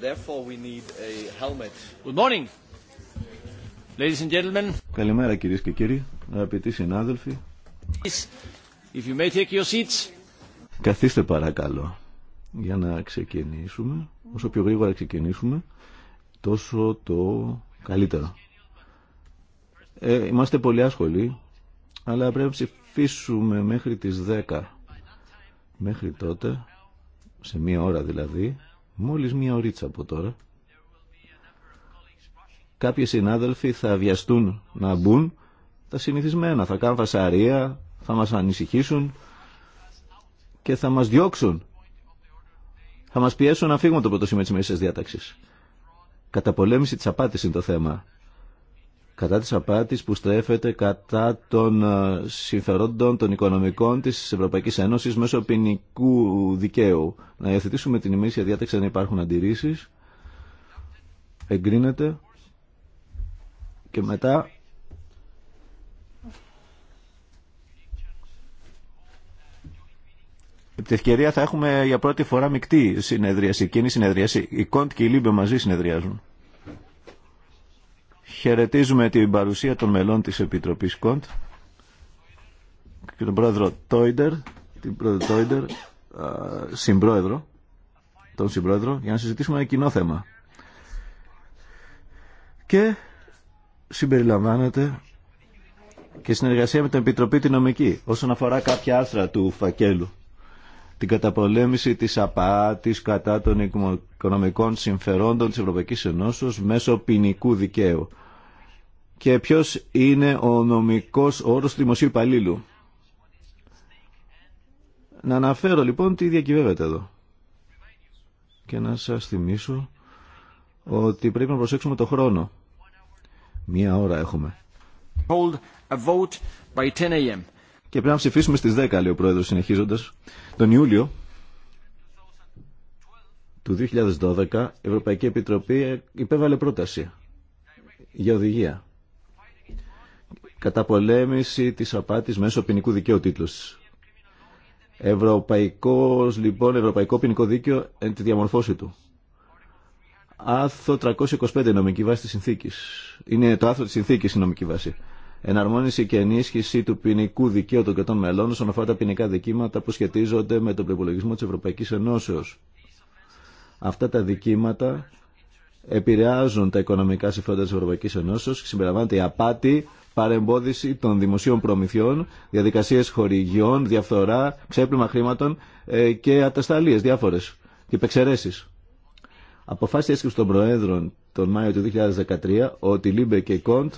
Therefore we Καλημέρα κυρίες και κύριοι, αγαπητοί συνάδελφοι. Καθίστε παρακαλώ για να ξεκινήσουμε, όσο πιο γρήγορα ξεκινήσουμε τόσο το καλύτερο. Ε, είμαστε πολύ άσχολοι, αλλά πρέπει να ψηφίσουμε μέχρι τις 10. Μέχρι τότε, σε μία ώρα δηλαδή, μόλις μία ωρίτσα από τώρα, κάποιοι συνάδελφοι θα βιαστούν να μπουν τα συνηθισμένα, θα κάνουν φασαρία, θα μας ανησυχήσουν και θα μας διώξουν. Θα μας πιέσουν να φύγουμε το πρώτο σημείο της διάταξης. Καταπολέμηση της απάτης είναι το θέμα. Κατά της απάτης που στρέφεται κατά των ε, συμφερόντων των οικονομικών της Ευρωπαϊκής Ένωσης μέσω ποινικού δικαίου. Να υιοθετήσουμε την ημίσια διάταξη να υπάρχουν αντιρρήσεις. Εγκρίνεται. Και μετά την ευκαιρία θα έχουμε για πρώτη φορά μεικτή συνεδρίαση, κοινή συνεδρίαση. Η Κοντ και η Λίμπε μαζί συνεδριάζουν. Χαιρετίζουμε την παρουσία των μελών της Επιτροπής Κοντ και τον πρόεδρο Τόιντερ, την πρόεδρο Τόιντερ, συμπρόεδρο, τον συμπρόεδρο, για να συζητήσουμε ένα κοινό θέμα. Και συμπεριλαμβάνεται και συνεργασία με την Επιτροπή τη Νομική όσον αφορά κάποια άρθρα του φακέλου την καταπολέμηση της απάτης κατά των οικονομικών συμφερόντων της Ευρωπαϊκής Ενώσεως μέσω ποινικού δικαίου και ποιος είναι ο νομικός όρος του δημοσίου υπαλλήλου. Να αναφέρω λοιπόν τι διακυβεύεται εδώ και να σας θυμίσω ότι πρέπει να προσέξουμε το χρόνο. Μία ώρα έχουμε. 10 και πρέπει να ψηφίσουμε στις 10, λέει ο Πρόεδρος, συνεχίζοντας. Τον Ιούλιο του 2012 η Ευρωπαϊκή Επιτροπή υπέβαλε πρόταση για οδηγία. πολέμηση της απάτης μέσω ποινικού δικαίου τίτλους. Ευρωπαϊκός, λοιπόν, Ευρωπαϊκό ποινικό δίκαιο εν τη διαμορφώση του. Άθο 325 νομική βάση της συνθήκης. Είναι το άθρο της συνθήκης η νομική βάση εναρμόνιση και ενίσχυση του ποινικού δικαίου των κρατών μελών όσον αφορά τα ποινικά δικήματα που σχετίζονται με τον προπολογισμό της Ευρωπαϊκής Ενώσεως. Αυτά τα δικήματα επηρεάζουν τα οικονομικά συμφέροντα της Ευρωπαϊκής Ενώσεως και συμπεριλαμβάνεται η απάτη, παρεμπόδιση των δημοσίων προμηθειών, διαδικασίες χορηγιών, διαφθορά, ξέπλυμα χρήματων ε, και ατασταλίες διάφορες και υπεξαιρέσεις. Αποφάσισε έσκυψη των Προέδρων τον Μάιο του 2013 ότι Λίμπε και Κοντ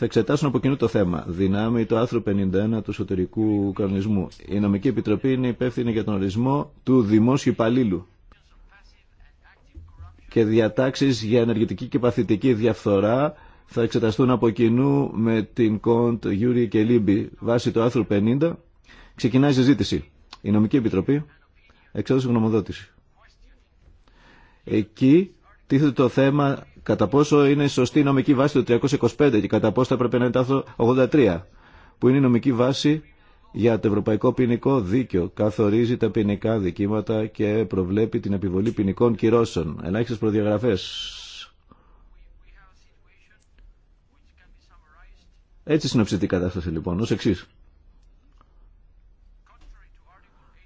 θα εξετάσουν από κοινού το θέμα. Δυνάμει το άρθρο 51 του εσωτερικού κανονισμού. Η νομική επιτροπή είναι υπεύθυνη για τον ορισμό του δημόσιου υπαλλήλου και διατάξει για ενεργητική και παθητική διαφθορά θα εξεταστούν από κοινού με την Κοντ, Γιούρι και Λίμπη βάσει του άρθρου 50. Ξεκινάει η συζήτηση. Η νομική επιτροπή εξέδωσε γνωμοδότηση. Εκεί τίθεται το θέμα κατά πόσο είναι σωστή η νομική βάση του 325 και κατά πόσο θα έπρεπε να είναι το 83, που είναι η νομική βάση για το Ευρωπαϊκό Ποινικό Δίκαιο. Καθορίζει τα ποινικά δικήματα και προβλέπει την επιβολή ποινικών κυρώσεων. Ελάχιστε προδιαγραφέ. Έτσι συνοψιστεί η κατάσταση λοιπόν, ως εξή.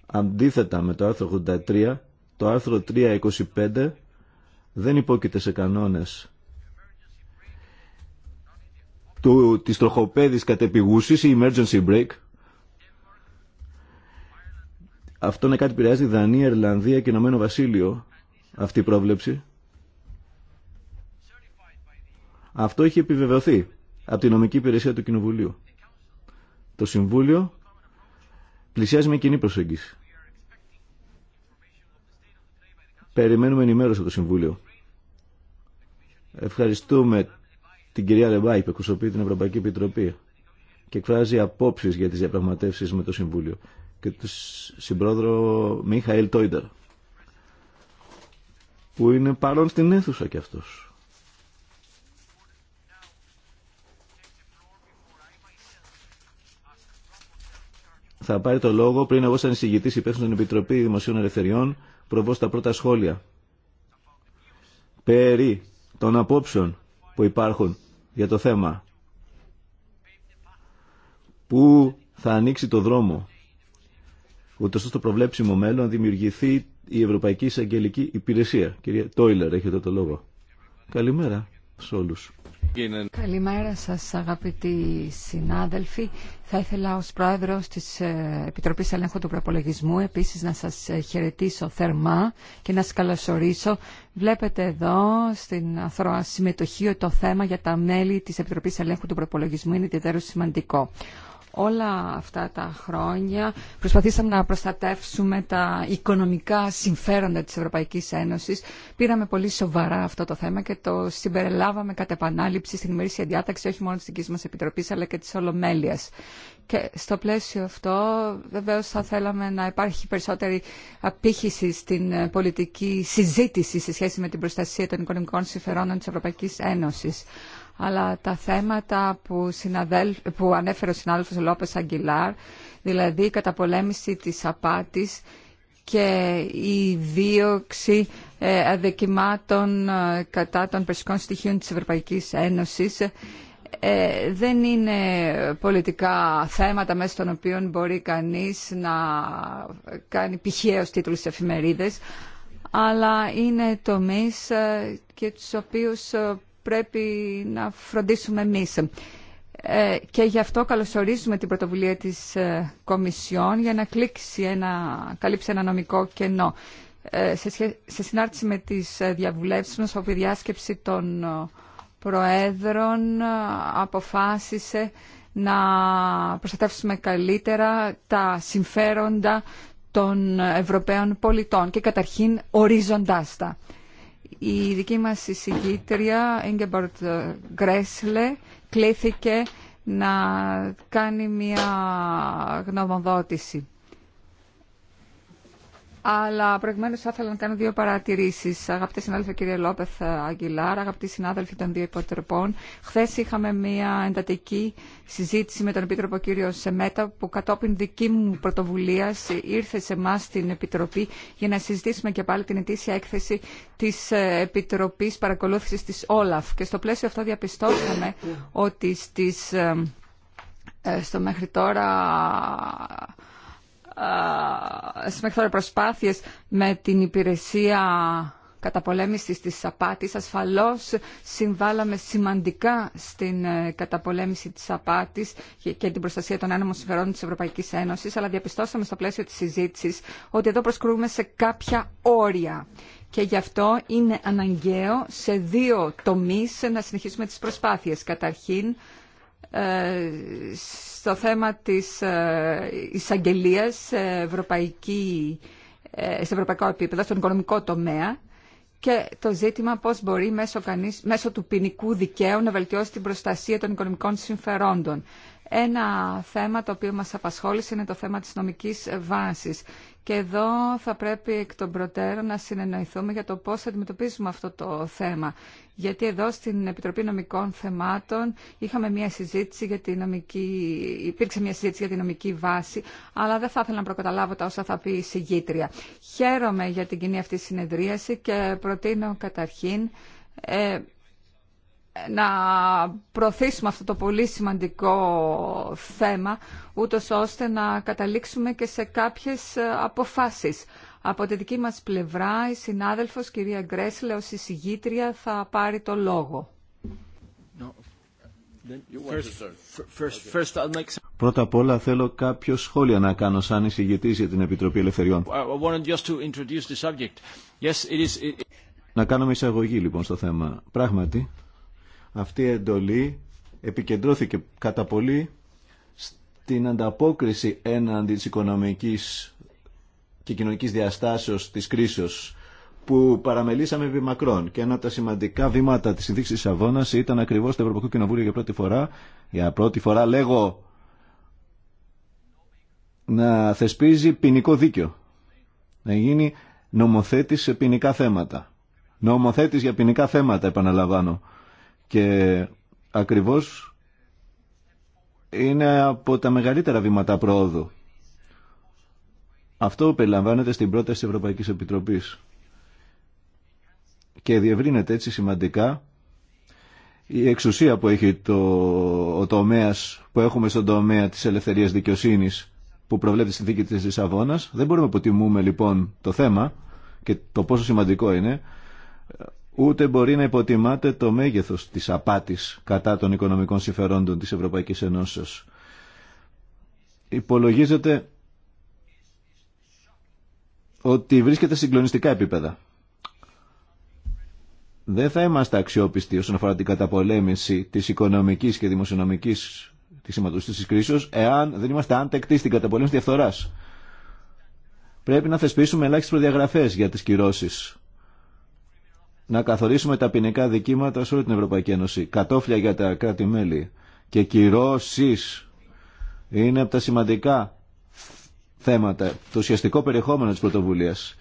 Αντίθετα με το άρθρο 83, το άρθρο 325 δεν υπόκειται σε κανόνες του, της τροχοπέδης κατεπηγούσης ή emergency break. Αυτό να κάτι επηρεάζει Δανία, Ιρλανδία και Ηνωμένο Βασίλειο, αυτή η πρόβλεψη. Αυτό έχει επιβεβαιωθεί από την νομική υπηρεσία του Κοινοβουλίου. Το Συμβούλιο πλησιάζει με κοινή προσέγγιση. Περιμένουμε ενημέρωση από το Συμβούλιο. Ευχαριστούμε την κυρία Λεμπάη που εκπροσωπεί την Ευρωπαϊκή Επιτροπή και εκφράζει απόψεις για τις διαπραγματεύσεις με το Συμβούλιο και του συμπρόδρο Μιχαήλ Τόιντερ που είναι παρόν στην αίθουσα κι αυτός. Θα πάρει το λόγο πριν εγώ σαν εισηγητής υπεύθυνος στην Επιτροπή Δημοσίων Ελευθεριών προβώ στα πρώτα σχόλια περί των απόψεων που υπάρχουν για το θέμα που θα ανοίξει το δρόμο ώστε στο προβλέψιμο μέλλον δημιουργηθεί η Ευρωπαϊκή Εισαγγελική Υπηρεσία. Κυρία Τόιλερ, έχετε το λόγο. Καλημέρα σε όλους. Καλημέρα σας αγαπητοί συνάδελφοι. Θα ήθελα ως πρόεδρος της ε, Επιτροπής Ελέγχου του Προπολογισμού επίσης να σας ε, χαιρετήσω θερμά και να σας καλωσορίσω. Βλέπετε εδώ στην αθρώα συμμετοχή ότι το θέμα για τα μέλη της Επιτροπής Ελέγχου του Προπολογισμού είναι ιδιαίτερο σημαντικό. Όλα αυτά τα χρόνια προσπαθήσαμε να προστατεύσουμε τα οικονομικά συμφέροντα της Ευρωπαϊκής Ένωσης. Πήραμε πολύ σοβαρά αυτό το θέμα και το συμπεριλάβαμε κατά επανάληψη στην ημερήσια διάταξη όχι μόνο της δικής μας Επιτροπής αλλά και της Ολομέλειας. Και στο πλαίσιο αυτό βεβαίως θα θέλαμε να υπάρχει περισσότερη απήχηση στην πολιτική συζήτηση σε σχέση με την προστασία των οικονομικών συμφερόντων της Ευρωπαϊκής Ένωσης αλλά τα θέματα που, που ανέφερε ο συνάδελφος Λόπες Αγγιλάρ, δηλαδή η καταπολέμηση της απάτης και η δίωξη ε, ε κατά των περσικών στοιχείων της Ευρωπαϊκής Ένωσης ε, δεν είναι πολιτικά θέματα μέσα των οποίων μπορεί κανείς να κάνει πηχαίως τίτλους σε εφημερίδες αλλά είναι τομείς ε, και τους οποίους πρέπει να φροντίσουμε εμείς. Ε, και γι' αυτό καλωσορίζουμε την πρωτοβουλία της ε, Κομισιόν για να κλείξει ένα, καλύψει ένα νομικό κενό. Ε, σε, συνάρτηση με τις διαβουλεύσεις μας, όπου η διάσκεψη των Προέδρων αποφάσισε να προστατεύσουμε καλύτερα τα συμφέροντα των Ευρωπαίων πολιτών και καταρχήν ορίζοντάς τα η δική μας εισηγήτρια, Ingeborg Γκρέσλε, κλήθηκε να κάνει μια γνωμοδότηση. Αλλά προηγουμένω θα ήθελα να κάνω δύο παρατηρήσει. Αγαπητέ συνάδελφοι, κύριε Λόπεθ Αγγιλάρα, αγαπητοί συνάδελφοι των δύο υποτροπών, χθε είχαμε μια εντατική συζήτηση με τον Επίτροπο κύριο Σεμέτα, που κατόπιν δική μου πρωτοβουλία ήρθε σε εμά στην Επιτροπή για να συζητήσουμε και πάλι την ετήσια έκθεση τη Επιτροπή Παρακολούθηση τη Όλαφ. Και στο πλαίσιο αυτό διαπιστώσαμε ότι ε, ε, στο μέχρι τώρα μέχρι προσπάθειες με την υπηρεσία καταπολέμησης της απάτης. Ασφαλώς συμβάλαμε σημαντικά στην ε, καταπολέμηση της απάτης και την προστασία των άνεμων συμφερόντων της Ευρωπαϊκής Ένωσης, αλλά διαπιστώσαμε στο πλαίσιο της συζήτησης ότι εδώ προσκρούμε σε κάποια όρια. Και γι' αυτό είναι αναγκαίο σε δύο τομείς να συνεχίσουμε τις προσπάθειες. Καταρχήν, ε, στο θέμα της ε, εισαγγελία σε, ευρωπαϊκή, ε, σε ευρωπαϊκό επίπεδο, στον οικονομικό τομέα και το ζήτημα πώς μπορεί μέσω, κανείς, μέσω του ποινικού δικαίου να βελτιώσει την προστασία των οικονομικών συμφερόντων. Ένα θέμα το οποίο μας απασχόλησε είναι το θέμα της νομικής βάσης. Και εδώ θα πρέπει εκ των προτέρων να συνεννοηθούμε για το πώς θα αντιμετωπίσουμε αυτό το θέμα. Γιατί εδώ στην Επιτροπή Νομικών Θεμάτων είχαμε μια συζήτηση για τη νομική... υπήρξε μια συζήτηση για τη νομική βάση, αλλά δεν θα ήθελα να προκαταλάβω τα όσα θα πει η συγγήτρια. Χαίρομαι για την κοινή αυτή συνεδρίαση και προτείνω καταρχήν ε, να προωθήσουμε αυτό το πολύ σημαντικό θέμα, ούτω ώστε να καταλήξουμε και σε κάποιες ε, αποφάσεις. Από τη δική μας πλευρά, η συνάδελφος κυρία Γκρέσλε ως εισηγήτρια θα πάρει το λόγο. Πρώτα απ' όλα θέλω κάποιο σχόλιο να κάνω σαν εισηγητή για την Επιτροπή Ελευθεριών. Uh, να κάνουμε εισαγωγή λοιπόν στο θέμα. Πράγματι, αυτή η εντολή επικεντρώθηκε κατά πολύ στην ανταπόκριση έναντι της οικονομικής και κοινωνικής διαστάσεως της κρίσεως που παραμελήσαμε επί μακρόν. Και ένα από τα σημαντικά βήματα της συνδείξης της Αβώνας ήταν ακριβώς το Ευρωπαϊκό Κοινοβούλιο για πρώτη φορά. Για πρώτη φορά λέγω να θεσπίζει ποινικό δίκαιο. Να γίνει νομοθέτης σε ποινικά θέματα. Νομοθέτης για ποινικά θέματα επαναλαμβάνω. Και ακριβώς είναι από τα μεγαλύτερα βήματα πρόοδου. Αυτό περιλαμβάνεται στην πρόταση της Ευρωπαϊκής Επιτροπής και διευρύνεται έτσι σημαντικά η εξουσία που έχει το, ο τομέας που έχουμε στον τομέα της ελευθερίας δικαιοσύνης που προβλέπει στη δίκη της Λισαβόνας. Δεν μπορούμε να αποτιμούμε λοιπόν το θέμα και το πόσο σημαντικό είναι ούτε μπορεί να υποτιμάται το μέγεθος της απάτης κατά των οικονομικών συμφερόντων της Ευρωπαϊκής Ενώσεως. Υπολογίζεται ότι βρίσκεται συγκλονιστικά επίπεδα. Δεν θα είμαστε αξιόπιστοι όσον αφορά την καταπολέμηση της οικονομικής και δημοσιονομικής της σηματοστής της κρίσης, εάν δεν είμαστε άντεκτοι στην καταπολέμηση διαφθοράς. Πρέπει να θεσπίσουμε ελάχιστες προδιαγραφές για τις κυρώσεις να καθορίσουμε τα ποινικά δικήματα σε όλη την Ευρωπαϊκή Ένωση. Κατόφλια για τα κράτη-μέλη και κυρώσει είναι από τα σημαντικά θέματα, το ουσιαστικό περιεχόμενο της πρωτοβουλίας.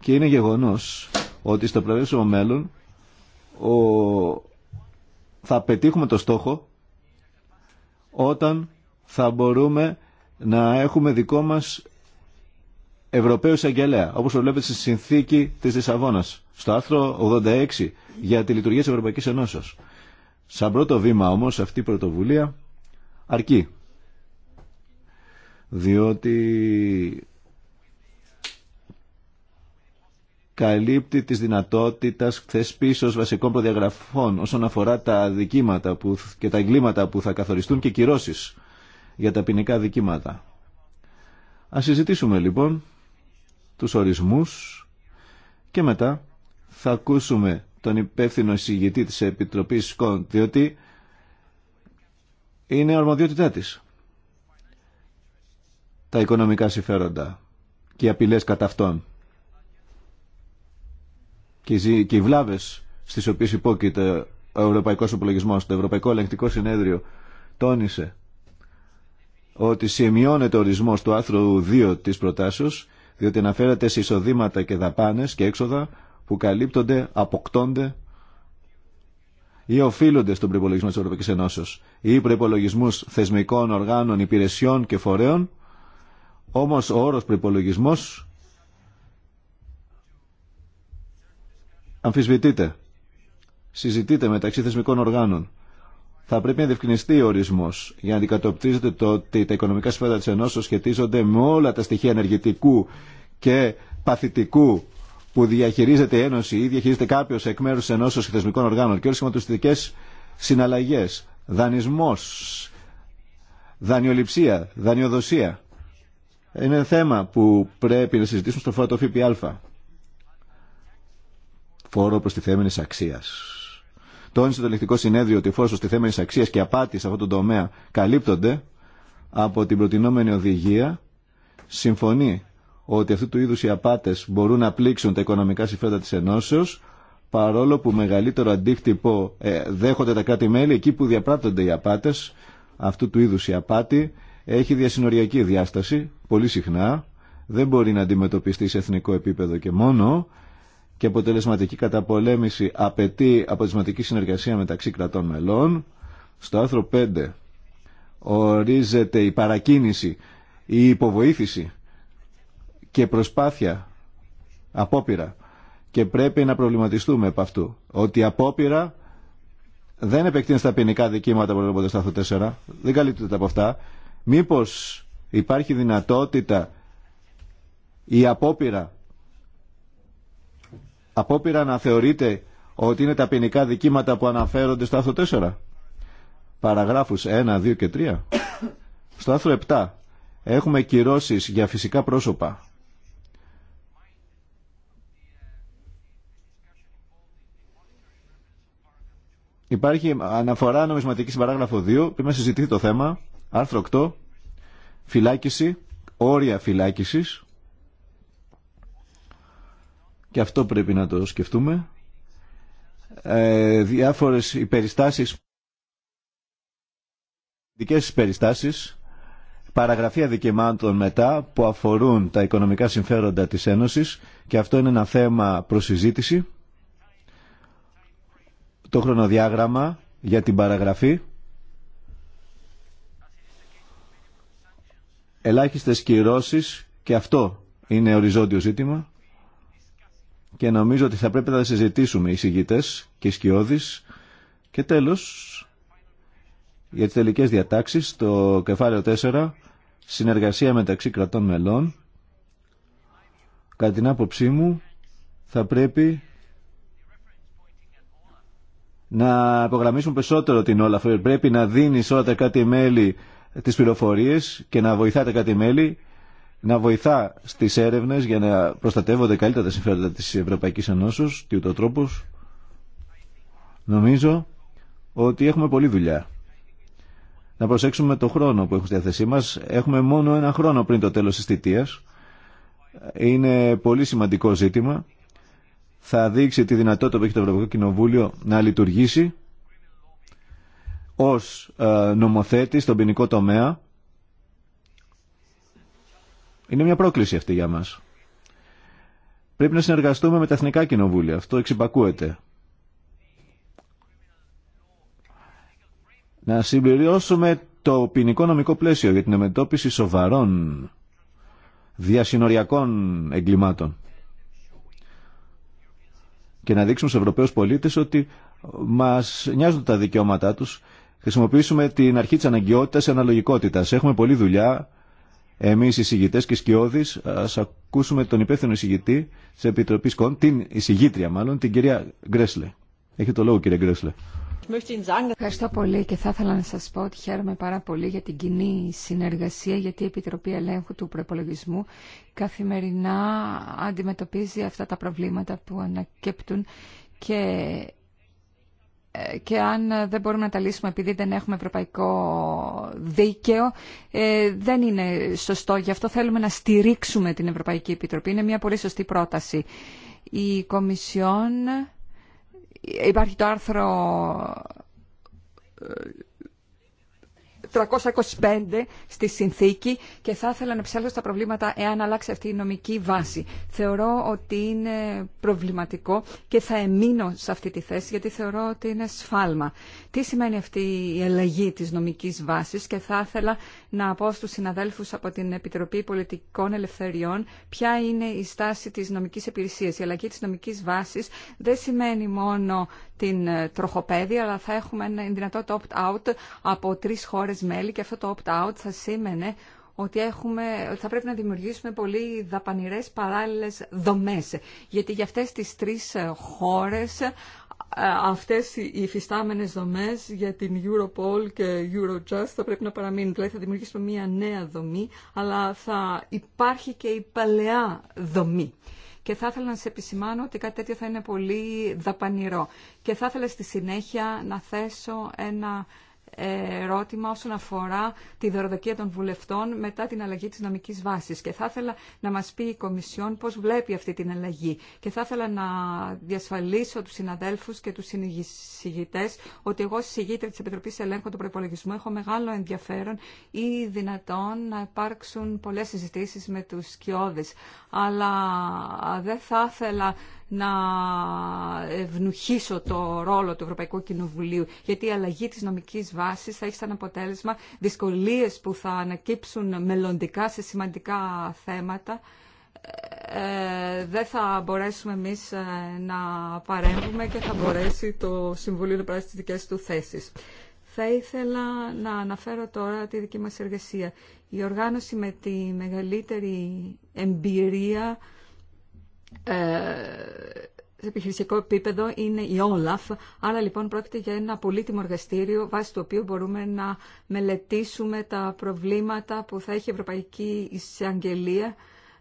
Και είναι γεγονός ότι στο προηγούμενο μέλλον ο... θα πετύχουμε το στόχο όταν θα μπορούμε να έχουμε δικό μας Ευρωπαίους Αγγελέα, όπως το βλέπετε στη συνθήκη της Λισαβόνας στο άρθρο 86 για τη λειτουργία της Ευρωπαϊκής Ενώσεως. Σαν πρώτο βήμα όμως αυτή η πρωτοβουλία αρκεί. Διότι καλύπτει τις δυνατότητες θεσπίσεως βασικών προδιαγραφών όσον αφορά τα δικήματα που, και τα εγκλήματα που θα καθοριστούν και κυρώσεις για τα ποινικά δικήματα. Ας συζητήσουμε λοιπόν τους ορισμούς και μετά θα ακούσουμε τον υπεύθυνο εισηγητή της Επιτροπής ΣΚΟΝ, διότι είναι ορμοδιότητά της. Τα οικονομικά συμφέροντα και οι απειλές κατά αυτών και οι βλάβες στις οποίες υπόκειται ο Ευρωπαϊκός Οπολογισμός, το Ευρωπαϊκό Ελεγκτικό Συνέδριο τόνισε ότι σημειώνεται ο ορισμός του άρθρου 2 της προτάσεως διότι αναφέρεται σε εισοδήματα και δαπάνες και έξοδα που καλύπτονται, αποκτώνται ή οφείλονται στον προπολογισμό τη Ευρωπαϊκή ή προπολογισμού θεσμικών οργάνων, υπηρεσιών και φορέων. Όμω ο όρο προπολογισμό αμφισβητείται. Συζητείται μεταξύ θεσμικών οργάνων. Θα πρέπει να διευκρινιστεί ο ορισμό για να αντικατοπτρίζεται το ότι τα οικονομικά συμφέροντα τη Ενώσεω σχετίζονται με όλα τα στοιχεία ενεργητικού και παθητικού που διαχειρίζεται η Ένωση ή διαχειρίζεται κάποιο εκ μέρου ενό θεσμικών οργάνων και όλε τι συναλλαγέ, δανεισμό, δανειοληψία, δανειοδοσία. Είναι θέμα που πρέπει να συζητήσουμε στο φόρο το ΦΠΑ. Φόρο θέμενη αξία. Τόνισε το ελεκτικό συνέδριο ότι φόρο θέμενη αξία και απάτη σε αυτόν το τομέα καλύπτονται από την προτινόμενη οδηγία. Συμφωνεί ότι αυτού του είδους οι απάτες μπορούν να πλήξουν τα οικονομικά συμφέροντα της Ενώσεως, παρόλο που μεγαλύτερο αντίκτυπο ε, δέχονται τα κράτη-μέλη εκεί που διαπράττονται οι απάτες, αυτού του είδους η απάτη έχει διασυνοριακή διάσταση, πολύ συχνά, δεν μπορεί να αντιμετωπιστεί σε εθνικό επίπεδο και μόνο, και αποτελεσματική καταπολέμηση απαιτεί αποτελεσματική συνεργασία μεταξύ κρατών μελών. Στο άρθρο 5 ορίζεται η παρακίνηση, η υποβοήθηση και προσπάθεια, απόπειρα. Και πρέπει να προβληματιστούμε από αυτού. Ότι η απόπειρα δεν επεκτείνει στα ποινικά δικήματα που λέγονται στο 4, δεν καλύπτεται από αυτά. Μήπω υπάρχει δυνατότητα η απόπειρα, απόπειρα να θεωρείται ότι είναι τα ποινικά δικήματα που αναφέρονται στο άθρο 4. Παραγράφους 1, 2 και 3. Στο άρθρο 7 έχουμε κυρώσεις για φυσικά πρόσωπα Υπάρχει αναφορά νομισματική στην παράγραφο 2, που να συζητηθεί το θέμα. Άρθρο 8, φυλάκιση, όρια φυλάκιση. Και αυτό πρέπει να το σκεφτούμε. Ε, διάφορες υπεριστάσεις, δικές περιστάσεις, παραγραφή αδικημάτων μετά που αφορούν τα οικονομικά συμφέροντα της Ένωσης και αυτό είναι ένα θέμα προσυζήτηση το χρονοδιάγραμμα για την παραγραφή. Ελάχιστες κυρώσεις και αυτό είναι οριζόντιο ζήτημα και νομίζω ότι θα πρέπει να συζητήσουμε οι συγγητές και οι σκιώδεις και τέλος για τις τελικές διατάξεις το κεφάλαιο 4 συνεργασία μεταξύ κρατών μελών κατά την άποψή μου θα πρέπει να υπογραμμίσουμε περισσότερο την όλα Πρέπει να δίνει όλα τα κάτι μέλη τι πληροφορίε και να βοηθά τα κάτι μέλη να βοηθά στις έρευνες για να προστατεύονται καλύτερα τα συμφέροντα της Ευρωπαϊκής Ενώσεω, και ούτω Νομίζω ότι έχουμε πολλή δουλειά. Να προσέξουμε το χρόνο που έχουμε στη διάθεσή μα. Έχουμε μόνο ένα χρόνο πριν το τέλο τη θητεία. Είναι πολύ σημαντικό ζήτημα θα δείξει τη δυνατότητα που έχει το Ευρωπαϊκό Κοινοβούλιο να λειτουργήσει ως ε, νομοθέτη στον ποινικό τομέα. Είναι μια πρόκληση αυτή για μας. Πρέπει να συνεργαστούμε με τα εθνικά κοινοβούλια. Αυτό εξυπακούεται. Να συμπληρώσουμε το ποινικό νομικό πλαίσιο για την εμετώπιση σοβαρών διασυνοριακών εγκλημάτων και να δείξουμε στους Ευρωπαίους πολίτες ότι μας νοιάζουν τα δικαιώματά τους. Χρησιμοποιήσουμε την αρχή της αναγκαιότητας και αναλογικότητας. Έχουμε πολλή δουλειά. Εμείς οι συγγητές και σκιώδεις ας ακούσουμε τον υπεύθυνο συγητή της Επιτροπής ΚΟΝ, την εισηγήτρια μάλλον, την κυρία Γκρέσλε. Έχει το λόγο κύριε Γκρέσλε. Ευχαριστώ πολύ και θα ήθελα να σας πω ότι χαίρομαι πάρα πολύ για την κοινή συνεργασία γιατί η Επιτροπή Ελέγχου του Προπολογισμού καθημερινά αντιμετωπίζει αυτά τα προβλήματα που ανακέπτουν και ε, και αν δεν μπορούμε να τα λύσουμε επειδή δεν έχουμε ευρωπαϊκό δίκαιο, ε, δεν είναι σωστό. Γι' αυτό θέλουμε να στηρίξουμε την Ευρωπαϊκή Επιτροπή. Είναι μια πολύ σωστή πρόταση. Η Κομισιόν Υπάρχει το άρθρο ε, 325 στη συνθήκη και θα ήθελα να επισέλθω στα προβλήματα εάν αλλάξει αυτή η νομική βάση. Θεωρώ ότι είναι προβληματικό και θα εμείνω σε αυτή τη θέση γιατί θεωρώ ότι είναι σφάλμα. Τι σημαίνει αυτή η αλλαγή της νομικής βάσης και θα ήθελα να πω στους συναδέλφους από την Επιτροπή Πολιτικών Ελευθεριών ποια είναι η στάση της νομικής υπηρεσίας. Η αλλαγή της νομικής βάσης δεν σημαίνει μόνο την τροχοπέδη αλλά θα έχουμε ένα δυνατότητα opt-out από τρεις χώρε μέλη και αυτό το opt-out θα σήμαινε ότι, ότι θα πρέπει να δημιουργήσουμε πολύ δαπανηρές παράλληλες δομές. Γιατί για αυτές τις τρεις χώρες ε, αυτές οι υφιστάμενες δομές για την Europol και Eurojust θα πρέπει να παραμείνουν. Δηλαδή θα δημιουργήσουμε μια νέα δομή, αλλά θα υπάρχει και η παλαιά δομή. Και θα ήθελα να σε επισημάνω ότι κάτι τέτοιο θα είναι πολύ δαπανηρό. Και θα ήθελα στη συνέχεια να θέσω ένα ερώτημα όσον αφορά τη δωροδοκία των βουλευτών μετά την αλλαγή της νομικής βάσης και θα ήθελα να μας πει η Κομισιόν πώς βλέπει αυτή την αλλαγή και θα ήθελα να διασφαλίσω τους συναδέλφους και τους συνηγητές ότι εγώ συγγήτρια της Επιτροπής Ελέγχου του Προπολογισμού έχω μεγάλο ενδιαφέρον ή δυνατόν να υπάρξουν πολλές συζητήσεις με τους σκιώδες αλλά δεν θα ήθελα να ευνουχίσω το ρόλο του Ευρωπαϊκού Κοινοβουλίου, γιατί η αλλαγή της νομικής βάσης θα έχει σαν αποτέλεσμα δυσκολίες που θα ανακύψουν μελλοντικά σε σημαντικά θέματα. Ε, δεν θα μπορέσουμε εμείς ε, να παρέμβουμε και θα μπορέσει το Συμβουλίο να περάσει τι δικές του θέσεις. Θα ήθελα να αναφέρω τώρα τη δική μας εργασία. Η οργάνωση με τη μεγαλύτερη εμπειρία ε, σε επιχειρησιακό επίπεδο είναι η Όλαφ. Άρα λοιπόν πρόκειται για ένα πολύτιμο εργαστήριο βάσει του οποίο μπορούμε να μελετήσουμε τα προβλήματα που θα έχει η Ευρωπαϊκή Εισαγγελία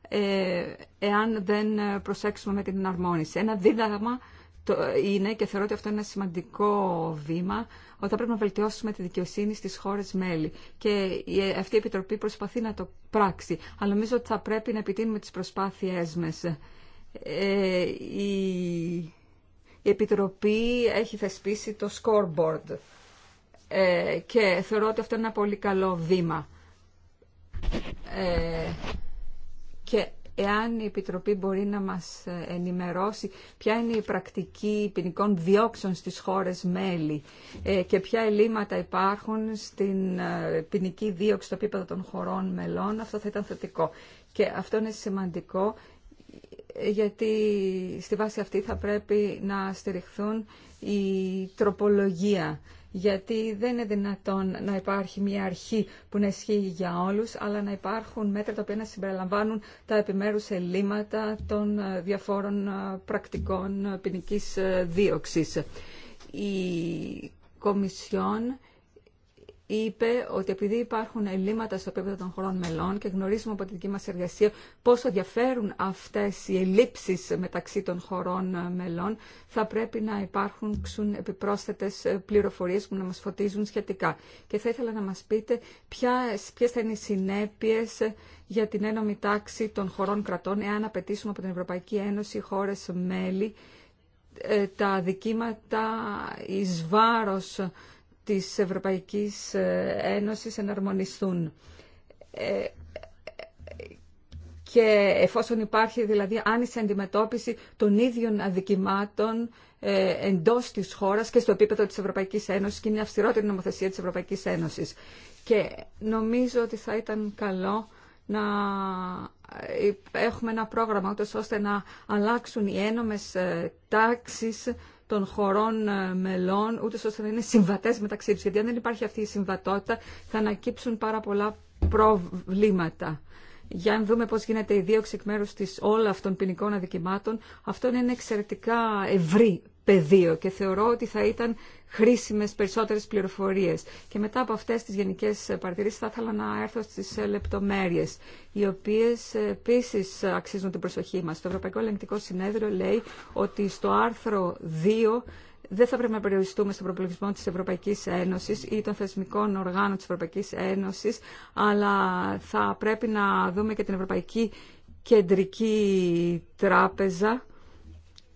ε, εάν δεν προσέξουμε με την αρμόνιση. Ένα δίδαγμα το είναι και θεωρώ ότι αυτό είναι ένα σημαντικό βήμα ότι θα πρέπει να βελτιώσουμε τη δικαιοσύνη στις χώρες μέλη. Και αυτή η Επιτροπή προσπαθεί να το πράξει. Αλλά νομίζω ότι θα πρέπει να επιτείνουμε τις προσπάθειές μας ε, η Επιτροπή έχει θεσπίσει το scoreboard ε, και θεωρώ ότι αυτό είναι ένα πολύ καλό βήμα. Ε, και εάν η Επιτροπή μπορεί να μας ενημερώσει ποια είναι η πρακτική ποινικών διώξεων στις χώρες μέλη και ποια ελλείμματα υπάρχουν στην ποινική δίωξη στο επίπεδο των χωρών μελών, αυτό θα ήταν θετικό. Και αυτό είναι σημαντικό γιατί στη βάση αυτή θα πρέπει να στηριχθούν η τροπολογία γιατί δεν είναι δυνατόν να υπάρχει μια αρχή που να ισχύει για όλους, αλλά να υπάρχουν μέτρα τα οποία να συμπεριλαμβάνουν τα επιμέρους ελλείμματα των ε, διαφόρων ε, πρακτικών ποινική ε, δίωξης. Η Κομισιόν είπε ότι επειδή υπάρχουν ελλείμματα στο επίπεδο των χωρών μελών και γνωρίζουμε από τη δική μας εργασία πόσο διαφέρουν αυτές οι ελλείψεις μεταξύ των χωρών μελών, θα πρέπει να υπάρχουν επιπρόσθετες πληροφορίες που να μας φωτίζουν σχετικά. Και θα ήθελα να μας πείτε ποιες θα είναι οι συνέπειες για την ένωμη τάξη των χωρών κρατών, εάν απαιτήσουμε από την Ευρωπαϊκή Ένωση χώρες μέλη ε, τα δικήματα εις βάρος της Ευρωπαϊκής ε, Ένωσης εναρμονιστούν. Ε, και εφόσον υπάρχει δηλαδή άνηση αντιμετώπιση των ίδιων αδικημάτων ε, εντός της χώρας και στο επίπεδο της Ευρωπαϊκής Ένωσης και είναι αυστηρότερη νομοθεσία της Ευρωπαϊκής Ένωσης. Και νομίζω ότι θα ήταν καλό να έχουμε ένα πρόγραμμα ώστε να αλλάξουν οι ένομες τάξεις των χωρών ε, μελών, ούτε ώστε να είναι συμβατέ μεταξύ του. Γιατί αν δεν υπάρχει αυτή η συμβατότητα, θα ανακύψουν πάρα πολλά προβλήματα για να δούμε πώς γίνεται η δίωξη εκ μέρους της όλων αυτών ποινικών αδικημάτων, αυτό είναι εξαιρετικά ευρύ πεδίο και θεωρώ ότι θα ήταν χρήσιμες περισσότερες πληροφορίες. Και μετά από αυτές τις γενικές παρατηρήσεις θα ήθελα να έρθω στις λεπτομέρειες, οι οποίες επίσης αξίζουν την προσοχή μας. Το Ευρωπαϊκό Ελεγκτικό Συνέδριο λέει ότι στο άρθρο 2 δεν θα πρέπει να περιοριστούμε στον προπολογισμό της Ευρωπαϊκής Ένωσης ή των θεσμικών οργάνων της Ευρωπαϊκής Ένωσης, αλλά θα πρέπει να δούμε και την Ευρωπαϊκή Κεντρική Τράπεζα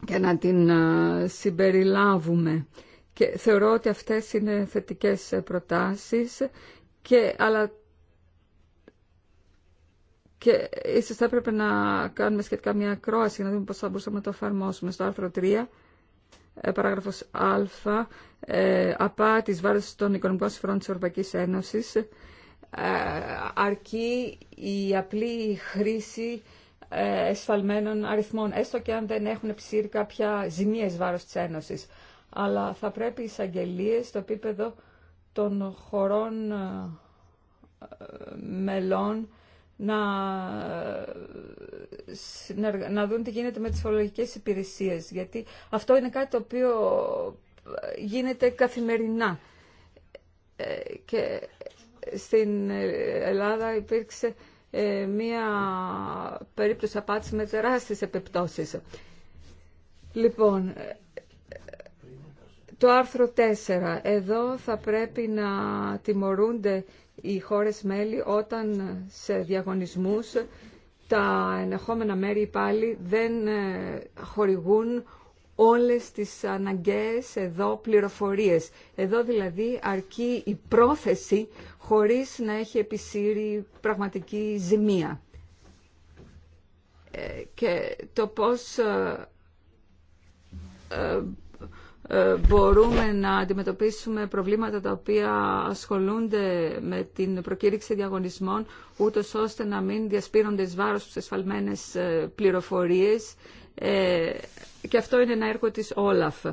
και να την ε, συμπεριλάβουμε. Και θεωρώ ότι αυτές είναι θετικές ε, προτάσεις, και, αλλά και ίσως θα έπρεπε να κάνουμε σχετικά μια ακρόαση για να δούμε πώς θα μπορούσαμε να το εφαρμόσουμε στο άρθρο 3 ε, παράγραφος α, ε, απά της βάρος των οικονομικών συμφερών της Ευρωπαϊκής Ένωσης, ε, αρκεί η απλή χρήση ε, εσφαλμένων αριθμών, έστω και αν δεν έχουν ψήρει κάποια ζημία βάρος της Ένωσης. Αλλά θα πρέπει οι εισαγγελίε στο επίπεδο των χωρών μελών να, να δουν τι γίνεται με τις φορολογικές υπηρεσίες, γιατί αυτό είναι κάτι το οποίο γίνεται καθημερινά. Ε, και στην Ελλάδα υπήρξε ε, μία περίπτωση απάτηση με τεράστιες επιπτώσεις. Λοιπόν, ε, το άρθρο 4. Εδώ θα πρέπει να τιμωρούνται οι χώρες μέλη όταν σε διαγωνισμούς τα ενεχόμενα μέρη πάλι δεν ε, χορηγούν όλες τις αναγκαίες εδώ πληροφορίες. Εδώ δηλαδή αρκεί η πρόθεση χωρίς να έχει επισύρει πραγματική ζημία. Ε, και το πώς ε, ε, μπορούμε να αντιμετωπίσουμε προβλήματα τα οποία ασχολούνται με την προκήρυξη διαγωνισμών ούτω ώστε να μην διασπείρονται εις βάρος τους εσφαλμένες ε, πληροφορίες ε, και αυτό είναι ένα έργο της Όλαφ.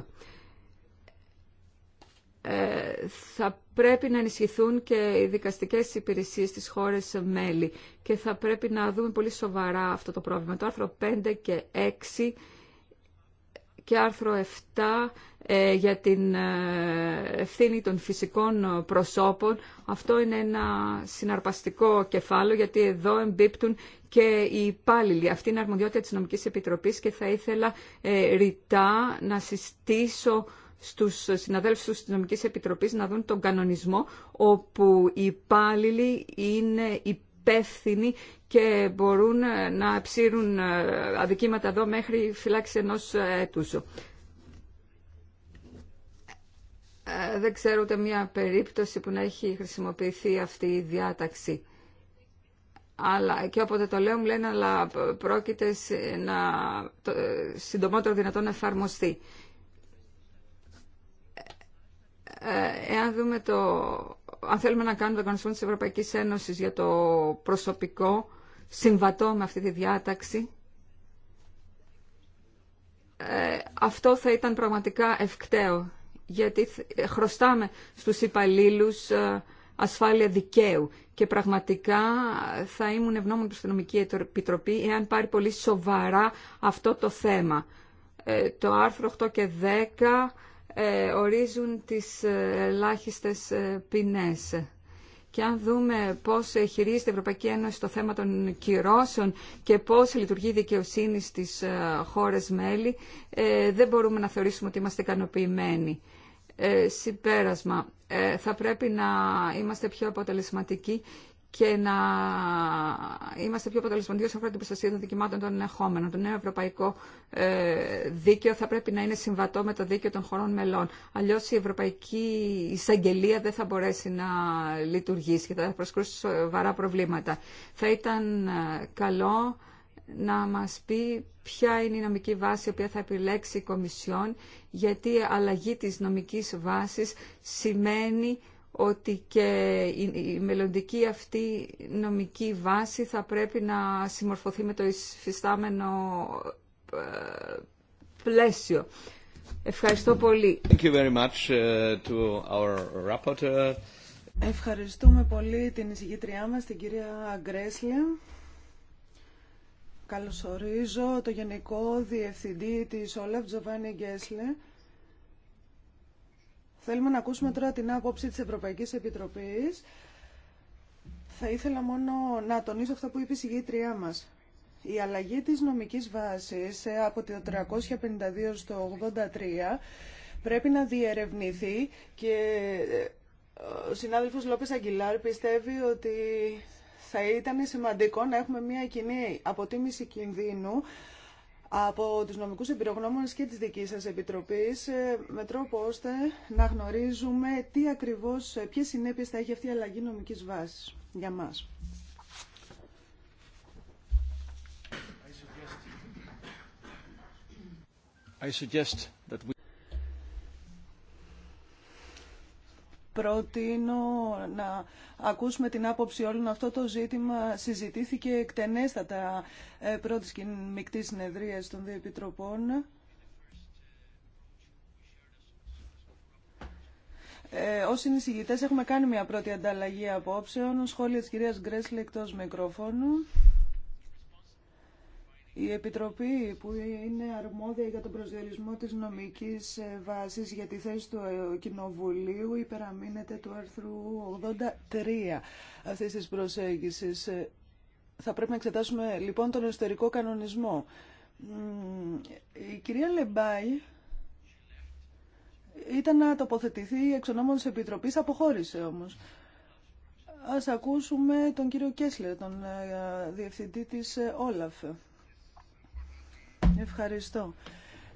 Θα πρέπει να ενισχυθούν και οι δικαστικές υπηρεσίες της χώρες μέλη και θα πρέπει να δούμε πολύ σοβαρά αυτό το πρόβλημα. Το άρθρο 5 και 6 και άρθρο 7 ε, για την ε, ευθύνη των φυσικών προσώπων. Αυτό είναι ένα συναρπαστικό κεφάλαιο γιατί εδώ εμπίπτουν και οι υπάλληλοι. Αυτή είναι αρμοδιότητα της Νομικής Επιτροπής και θα ήθελα ε, ρητά να συστήσω στους συναδέλφους της Νομικής Επιτροπής να δουν τον κανονισμό όπου οι υπάλληλοι είναι υπάλληλοι υπεύθυνοι και μπορούν ε, να ψήρουν ε, αδικήματα εδώ μέχρι φυλάξη ενός ε, έτους. Δεν ξέρω ούτε μια περίπτωση που να έχει χρησιμοποιηθεί αυτή η διάταξη. Αλλά και όποτε το λέω μου λένε αλλά πρόκειται να το, συντομότερο δυνατόν να εφαρμοστεί. Εάν δούμε το αν θέλουμε να κάνουμε τον κανονισμό της Ευρωπαϊκής Ένωσης για το προσωπικό συμβατό με αυτή τη διάταξη, ε, αυτό θα ήταν πραγματικά ευκταίο, γιατί ε, χρωστάμε στους υπαλλήλου ε, ασφάλεια δικαίου και πραγματικά θα ήμουν ευγνώμων του την Επιτροπή εάν πάρει πολύ σοβαρά αυτό το θέμα. το άρθρο 8 και 10 ε, ορίζουν τις ε, ελάχιστες ε, ποινές. Και αν δούμε πώς χειρίζεται η Ευρωπαϊκή Ένωση το θέμα των κυρώσεων και πώς λειτουργεί η δικαιοσύνη στις χώρες μέλη, δεν μπορούμε να θεωρήσουμε ότι είμαστε ικανοποιημένοι. συμπέρασμα. θα πρέπει να είμαστε πιο αποτελεσματικοί και να είμαστε πιο αποτελεσματικοί όσον αφορά την προστασία των δικαιωμάτων των ενεχόμενων. Το νέο ευρωπαϊκό ε, δίκαιο θα πρέπει να είναι συμβατό με το δίκαιο των χωρών μελών. Αλλιώ η Ευρωπαϊκή Εισαγγελία δεν θα μπορέσει να λειτουργήσει και θα προσκρούσει σοβαρά προβλήματα. Θα ήταν ε, καλό να μας πει ποια είναι η νομική βάση η οποία θα επιλέξει η Κομισιόν, γιατί η αλλαγή της νομικής βάσης σημαίνει ότι και η μελλοντική αυτή νομική βάση θα πρέπει να συμμορφωθεί με το εισφυστάμενο ε, πλαίσιο. Ευχαριστώ πολύ. Thank you very much uh, to our Ευχαριστούμε πολύ την εισηγήτριά μας, την κυρία Γκρέσλε. Καλωσορίζω το Γενικό Διευθυντή της Όλαφ, Τζοβάνι Γκέσλε Θέλουμε να ακούσουμε τώρα την άποψη της Ευρωπαϊκής Επιτροπής. Θα ήθελα μόνο να τονίσω αυτό που είπε η συγγήτριά μας. Η αλλαγή της νομικής βάσης ε, από το 352 στο 83 πρέπει να διερευνηθεί και ε, ο συνάδελφος Λόπες Αγγιλάρ πιστεύει ότι θα ήταν σημαντικό να έχουμε μια κοινή αποτίμηση κινδύνου από τους νομικούς εμπειρογνώμονες και της δικής σας επιτροπής ε, με τρόπο ώστε να γνωρίζουμε τι ακριβώς, ε, ποιες συνέπειες θα έχει αυτή η αλλαγή νομικής βάσης για μας. I suggest that προτείνω να ακούσουμε την άποψη όλων. Αυτό το ζήτημα συζητήθηκε εκτενέστατα ε, πρώτης και μεικτής συνεδρίας των δύο επιτροπών. Ε, έχουμε κάνει μια πρώτη ανταλλαγή απόψεων. Σχόλια τη κυρία Γκρέσλη εκτό μικρόφωνου. Η Επιτροπή που είναι αρμόδια για τον προσδιορισμό της νομικής ε, βάσης για τη θέση του ε, Κοινοβουλίου υπεραμείνεται του άρθρου 83 αυτής της προσέγγισης. Ε, θα πρέπει να εξετάσουμε λοιπόν τον εσωτερικό κανονισμό. Η κυρία Λεμπάη ήταν να τοποθετηθεί εξ ονόμων της Επιτροπής, αποχώρησε όμως. Ας ακούσουμε τον κύριο Κέσλερ, τον διευθυντή της Όλαφ. Ευχαριστώ.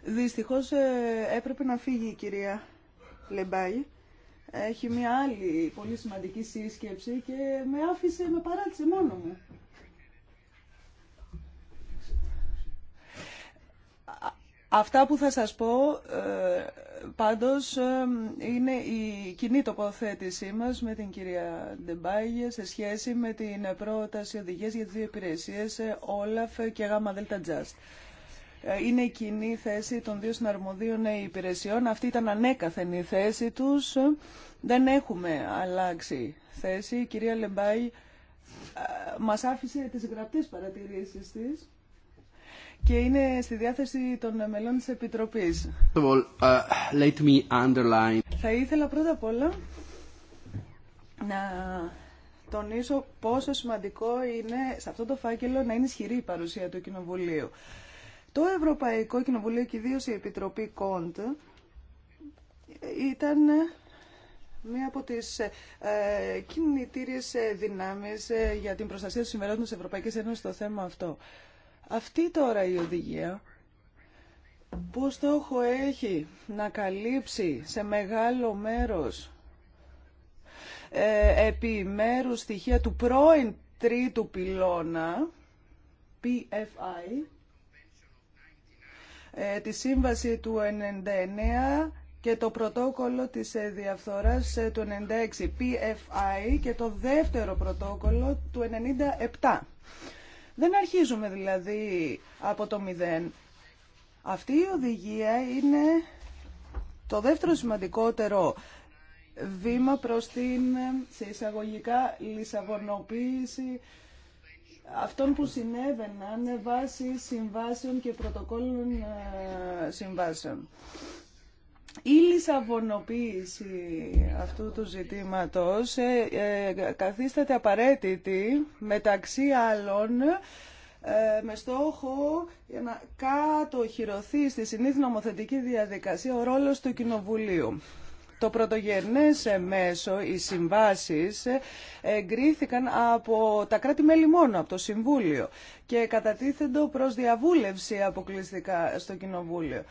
Δυστυχώς ε, έπρεπε να φύγει η κυρία Λεμπάη. Έχει μια άλλη πολύ σημαντική σύσκεψη και με άφησε, με παράτησε μόνο μου. Αυτά που θα σας πω ε, πάντως ε, είναι η κοινή τοποθέτησή μας με την κυρία Ντεμπάγε σε σχέση με την πρόταση οδηγίας για τις δύο υπηρεσίες Όλαφ και ΓΑΜΑ ΔΕΛΤΑ ε, είναι η κοινή θέση των δύο συναρμοδίων ε, υπηρεσιών. Αυτή ήταν ανέκαθεν η θέση τους. Δεν έχουμε αλλάξει θέση. Η κυρία Λεμπάη ε, μας άφησε τις γραπτές παρατηρήσεις της και είναι στη διάθεση των μελών της Επιτροπής. Uh, let me underline. Θα ήθελα πρώτα απ' όλα να τονίσω πόσο σημαντικό είναι σε αυτό το φάκελο να είναι ισχυρή η παρουσία του Κοινοβουλίου. Το Ευρωπαϊκό Κοινοβουλίο και ιδίω η Επιτροπή Κοντ ήταν μία από τις ε, κινητήριες δυνάμεις ε, για την προστασία του σημερινού της Ευρωπαϊκής Ένωσης στο θέμα αυτό. Αυτή τώρα η οδηγία πώς στόχο έχει να καλύψει σε μεγάλο μέρος ε, επιμέρους στοιχεία του πρώην τρίτου πυλώνα, PFI, ε, τη σύμβαση του 99 και το πρωτόκολλο της ε, διαφθοράς ε, του 96 PFI και το δεύτερο πρωτόκολλο του 97. Δεν αρχίζουμε δηλαδή από το μηδέν. Αυτή η οδηγία είναι το δεύτερο σημαντικότερο βήμα προς την σε εισαγωγικά λισαβονοποίηση αυτών που συνέβαιναν βάσει συμβάσεων και πρωτοκόλλων ε, συμβάσεων. Η λισαβονοποίηση αυτού του ζητήματος ε, ε, καθίσταται απαραίτητη μεταξύ άλλων με στόχο για να κατοχυρωθεί στη συνήθινομοθετική νομοθετική διαδικασία ο ρόλος του Κοινοβουλίου. Το πρωτογενές μέσο, οι συμβάσεις, εγκρίθηκαν από τα κράτη-μέλη μόνο, από το Συμβούλιο και κατατίθεντο προς διαβούλευση αποκλειστικά στο Κοινοβούλιο.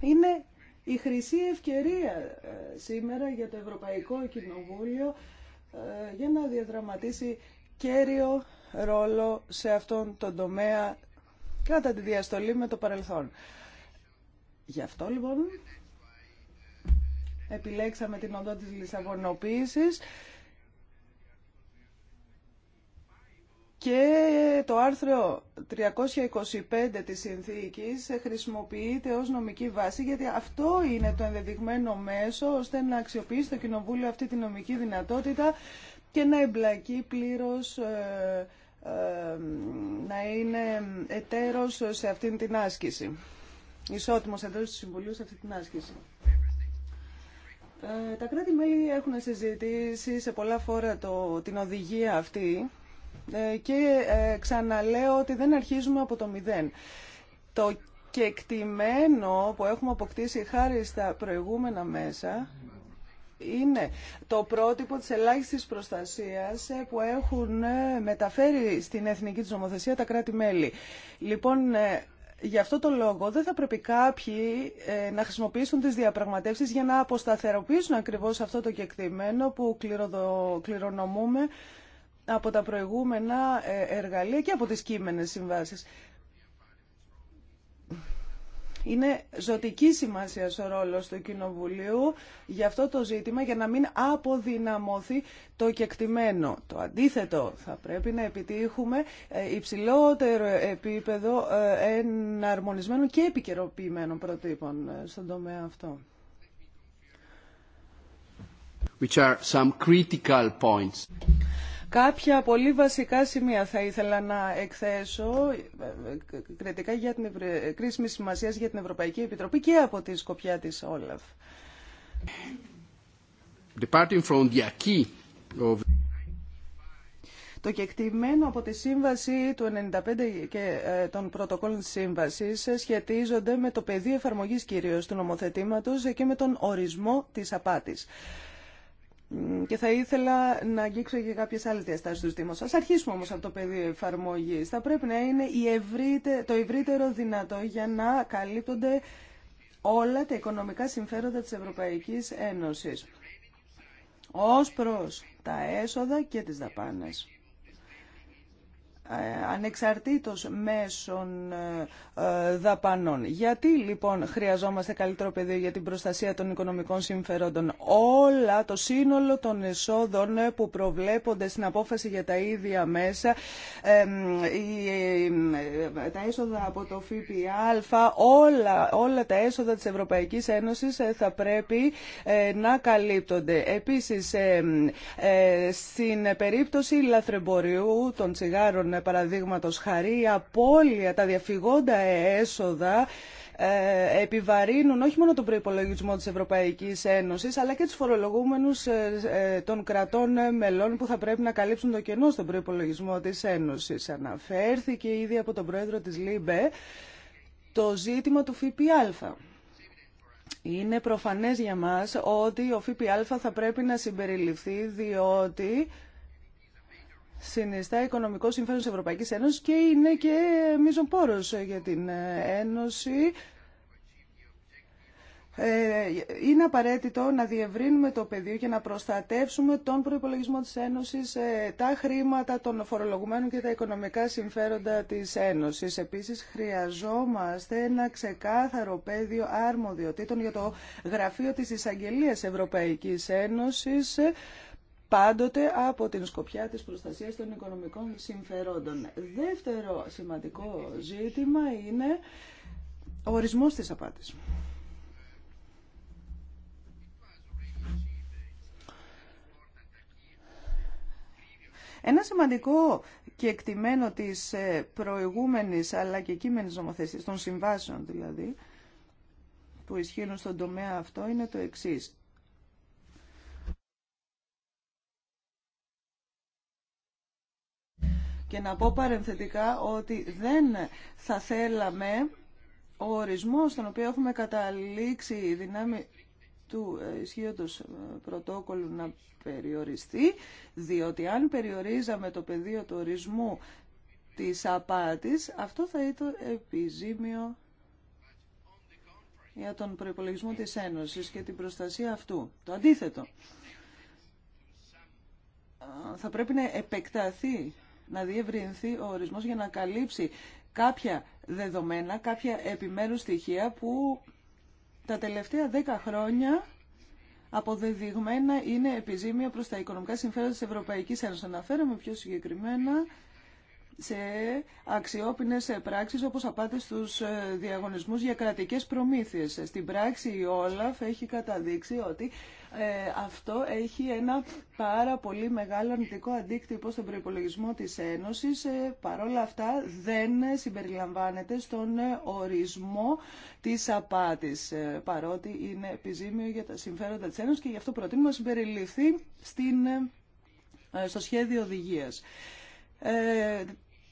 Είναι η χρυσή ευκαιρία ε, σήμερα για το Ευρωπαϊκό Κοινοβούλιο ε, για να διαδραματίσει κέριο ρόλο σε αυτόν τον τομέα κατά τη διαστολή με το παρελθόν. Γι' αυτό λοιπόν επιλέξαμε την οδό της λισαβονοποίησης. Και το άρθρο 325 της συνθήκης χρησιμοποιείται ως νομική βάση γιατί αυτό είναι το ενδεδειγμένο μέσο ώστε να αξιοποιήσει το Κοινοβούλιο αυτή τη νομική δυνατότητα και να εμπλακεί πλήρως, ε, ε, να είναι εταίρος σε αυτή την άσκηση. Ισότιμος εντός του Συμβουλίου σε αυτή την άσκηση. Ε, τα κράτη-μέλη έχουν συζητήσει σε πολλά φόρα το, την οδηγία αυτή ε, και ε, ξαναλέω ότι δεν αρχίζουμε από το μηδέν. Το κεκτημένο που έχουμε αποκτήσει χάρη στα προηγούμενα μέσα είναι το πρότυπο της ελάχιστης προστασίας που έχουν μεταφέρει στην εθνική της νομοθεσία τα κράτη-μέλη. Λοιπόν, Γι' αυτό το λόγο δεν θα πρέπει κάποιοι ε, να χρησιμοποιήσουν τις διαπραγματεύσεις για να αποσταθεροποιήσουν ακριβώς αυτό το κεκτημένο που κληρονομούμε από τα προηγούμενα ε, εργαλεία και από τις κείμενες συμβάσεις. Είναι ζωτική σημασία ο ρόλο του Κοινοβουλίου για αυτό το ζήτημα για να μην αποδυναμωθεί το κεκτημένο. Το αντίθετο θα πρέπει να επιτύχουμε ε, υψηλότερο επίπεδο ε, εναρμονισμένων και επικαιροποιημένων προτύπων ε, στον τομέα αυτό. some critical points. Κάποια πολύ βασικά σημεία θα ήθελα να εκθέσω ε, κριτικά για την κρίσιμη σημασία για την Ευρωπαϊκή Επιτροπή και από τη σκοπιά της Όλαφ. From the key of... Το κεκτημένο από τη σύμβαση του 1995 και ε, των πρωτοκόλων της σύμβασης σχετίζονται με το πεδίο εφαρμογής κυρίως του νομοθετήματος και με τον ορισμό της απάτης και θα ήθελα να αγγίξω και κάποιες άλλες διαστάσεις του ζητήματος. Ας αρχίσουμε όμως από το πεδίο εφαρμογής. Θα πρέπει να είναι η ευρύτε, το ευρύτερο δυνατό για να καλύπτονται όλα τα οικονομικά συμφέροντα της Ευρωπαϊκής Ένωσης ως προς τα έσοδα και τις δαπάνες. Ε, ανεξαρτήτως μέσων ε, ε, δαπανών. Γιατί λοιπόν χρειαζόμαστε καλύτερο πεδίο για την προστασία των οικονομικών συμφερόντων. Όλα το σύνολο των εσόδων που προβλέπονται στην απόφαση για τα ίδια μέσα, τα έσοδα από το ΦΠΑ, όλα, όλα τα έσοδα της Ευρωπαϊκής Ένωσης θα πρέπει να καλύπτονται. Επίσης, στην περίπτωση λαθρεμπορίου των τσιγάρων παραδείγματος παραδείγματο χαρή, η απώλεια, τα διαφυγόντα έσοδα ε, επιβαρύνουν όχι μόνο τον προϋπολογισμό της Ευρωπαϊκής Ένωσης αλλά και τους φορολογούμενους ε, ε, των κρατών μελών που θα πρέπει να καλύψουν το κενό στον προϋπολογισμό της Ένωσης. Αναφέρθηκε ήδη από τον πρόεδρο της ΛΥΜΠΕ το ζήτημα του ΦΠΑ. Είναι προφανές για μας ότι ο ΦΠΑ θα πρέπει να συμπεριληφθεί διότι συνιστά οικονομικό συμφέρον της Ευρωπαϊκής Ένωσης και είναι και μείζον πόρος για την ε, Ένωση. Ε, είναι απαραίτητο να διευρύνουμε το πεδίο και να προστατεύσουμε τον προϋπολογισμό της Ένωσης, ε, τα χρήματα των φορολογουμένων και τα οικονομικά συμφέροντα της Ένωσης. Επίσης, χρειαζόμαστε ένα ξεκάθαρο πεδίο αρμοδιοτήτων για το Γραφείο της Εισαγγελίας Ευρωπαϊκής Ένωσης, πάντοτε από την σκοπιά της προστασίας των οικονομικών συμφερόντων. Δεύτερο σημαντικό ζήτημα είναι ο ορισμός της απάτης. Ένα σημαντικό και εκτιμένο της ε, προηγούμενης αλλά και κείμενης νομοθεσίας, των συμβάσεων δηλαδή, που ισχύουν στον τομέα αυτό είναι το εξής. Και να πω παρενθετικά ότι δεν θα θέλαμε ο ορισμός στον οποίο έχουμε καταλήξει η δυνάμη του ε, ισχύοντος ε, πρωτόκολλου να περιοριστεί, διότι αν περιορίζαμε το πεδίο του ορισμού της απάτης, αυτό θα ήταν επιζήμιο για τον προϋπολογισμό της Ένωσης και την προστασία αυτού. Το αντίθετο. Θα πρέπει να επεκταθεί να διευρυνθεί ο ορισμός για να καλύψει κάποια δεδομένα, κάποια επιμέρους στοιχεία που τα τελευταία δέκα χρόνια αποδεδειγμένα είναι επιζήμια προς τα οικονομικά συμφέροντα της Ευρωπαϊκής Ένωσης. Αναφέρομαι πιο συγκεκριμένα σε αξιόπινες πράξεις όπως απάτε στους ε, διαγωνισμούς για κρατικές προμήθειες. Στην πράξη η Όλαφ έχει καταδείξει ότι ε, αυτό έχει ένα πάρα πολύ μεγάλο αρνητικό αντίκτυπο στον προϋπολογισμό της Ένωσης. Ε, παρόλα αυτά δεν συμπεριλαμβάνεται στον ορισμό της απάτης, παρότι είναι επιζήμιο για τα συμφέροντα της Ένωσης και γι' αυτό προτείνουμε να συμπεριληφθεί στην, στο σχέδιο οδηγίας.